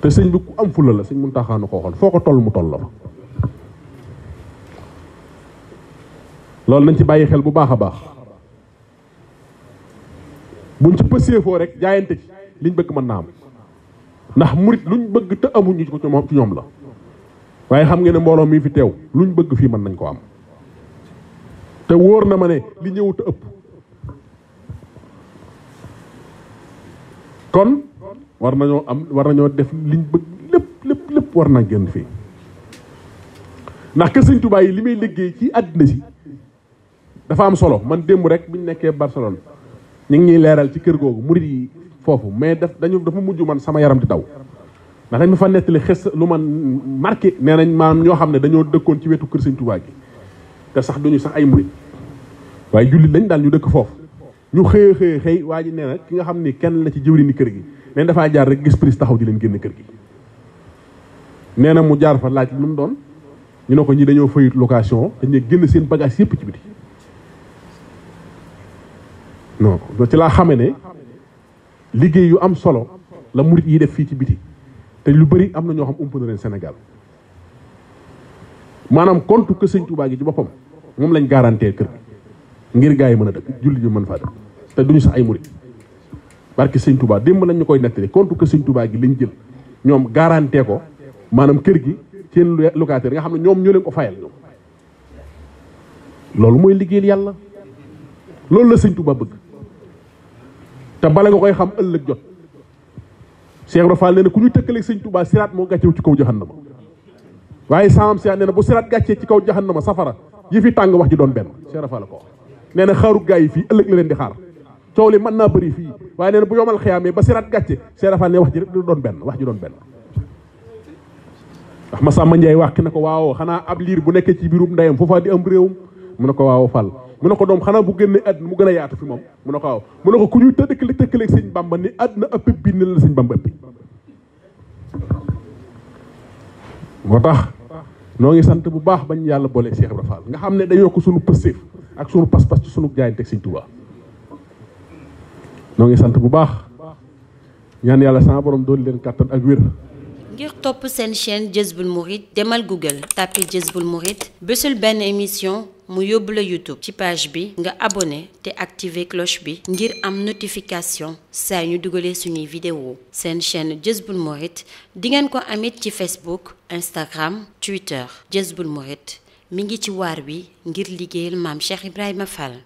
te señ bi ku am fula la señ mun taxanu ko xol foko toll mu toll la fa nañ ci bayyi xel bu baaxa baax buñ ci fo rek jaayante ci liñ bëgg mën naa am ndax murit luñ bëgg te amuñu ko ci ñom la waye xam ngeen mbolo mi fi tew luñ bëgg fi man nañ ko am te woor na ma ne li ñëwut ëpp kon war nañu am war nañu def liñ bëgg lepp lepp lepp war na gën fi nak kër sëñ Tuubaa yi limay liggé ci àddina ci dafa am solo man démb rek biñ nekké Barcelone ñu ngi ñuy ci kër gogou mouride yi fofu mais daf dañu dafa muju man sama yaram di daw ndax dañ ma fa nettali xes lu ma marqué nee nañ maanaam ñoo xam ne dañoo dëkkoon ci wetu kër sëñ Tuubaa gi te sax duñu sax ay murit waaye jullit lañ daal ñu dëkk foofu ñu xëy xëy xëy waa ji nee ki nga xam ni kenn la ci jëwriñu kër gi neen dafaa jaar rek gis taxaw di leen génn kër gi na mu jaar fa laaj lu mu doon ñu ne ko ñii dañoo fayut location dañuy génn seen bagage yëpp ci biti ci laa xame ne yu am solo la murit def fii ci biti te lu bari am na ñoo xam ump na leen Sénégal maanaam compte que sëñ Touba gi ci boppam moom lañ garantir kër gi ngir gars yi mën a dëkk julli ñu mën faa dëkk te duñu sax ay murit barke sëñ Touba démb lañ ñu koy nettali compte que sëñ Touba gi lañ jël ñoom garanté ko maanaam kër gi seen locataire nga xam ne ñoom ñoo leen ko fayal ñoom loolu mooy liggéeyal yàlla loolu la sëñ Touba bëgg te bala nga koy xam ëllëg jot Cheikh Ibra nee na ku ñu tëkkaleeg sëñ Touba siraat moo gàccew ci kaw jaxannama waaye saam si nee na bu siraat gàccee ci kaw jaxannama safara yi fi tàng wax ji doon benn Cheikh Ibra Fall ko nee na xaaru gaa yi fii ëllëg la leen di xaar coow li mën naa bëri fii waaye nee na bu yomal xiyaamee ba siraat gàcce Cheikh Ibra Fall ne wax ji rek doon benn wax ji doon benn ndax Masamba Ndiaye wax ki na ko waaw xanaa ab liir bu nekkee ci biirum ndeyam foofa di am réewum mu ne ko waaw Fall mu ne ko doom xanaa bu génnee àdduna mu gën a yaatu fi moom mu ne ko mu ne ko ku ñuy tëddëkkale tëkkaleeg sëñ bamba ni àdduna ëpp bii ni la sëñ bamba ëppi moo tax noo ngi sant bu baax bañ yàlla boole Cheikh Ibra Fall nga xam ne day yokk sunu pëstéef ak suñu pas-pas ci suñu jaayante sëñ Tuubaa noo ngi sant bu baax ñaan yàlla sama borom doon leen kàttan ak wér ngir top sen chaîne Jazboul Mourid demal Google tapez Jazboul Mourid ben ben émission mu YouTube ci page bi nga abonné te activer cloche bi ngir am notification saa ñu dugalee suñuy vidéo sen chaîne Jazboul Mourid di ko amit ci Facebook Instagram Twitter Jezbul Mourid mi ngi ci war wi ngir liggéeyal mam Cheikh Ibrahima Fall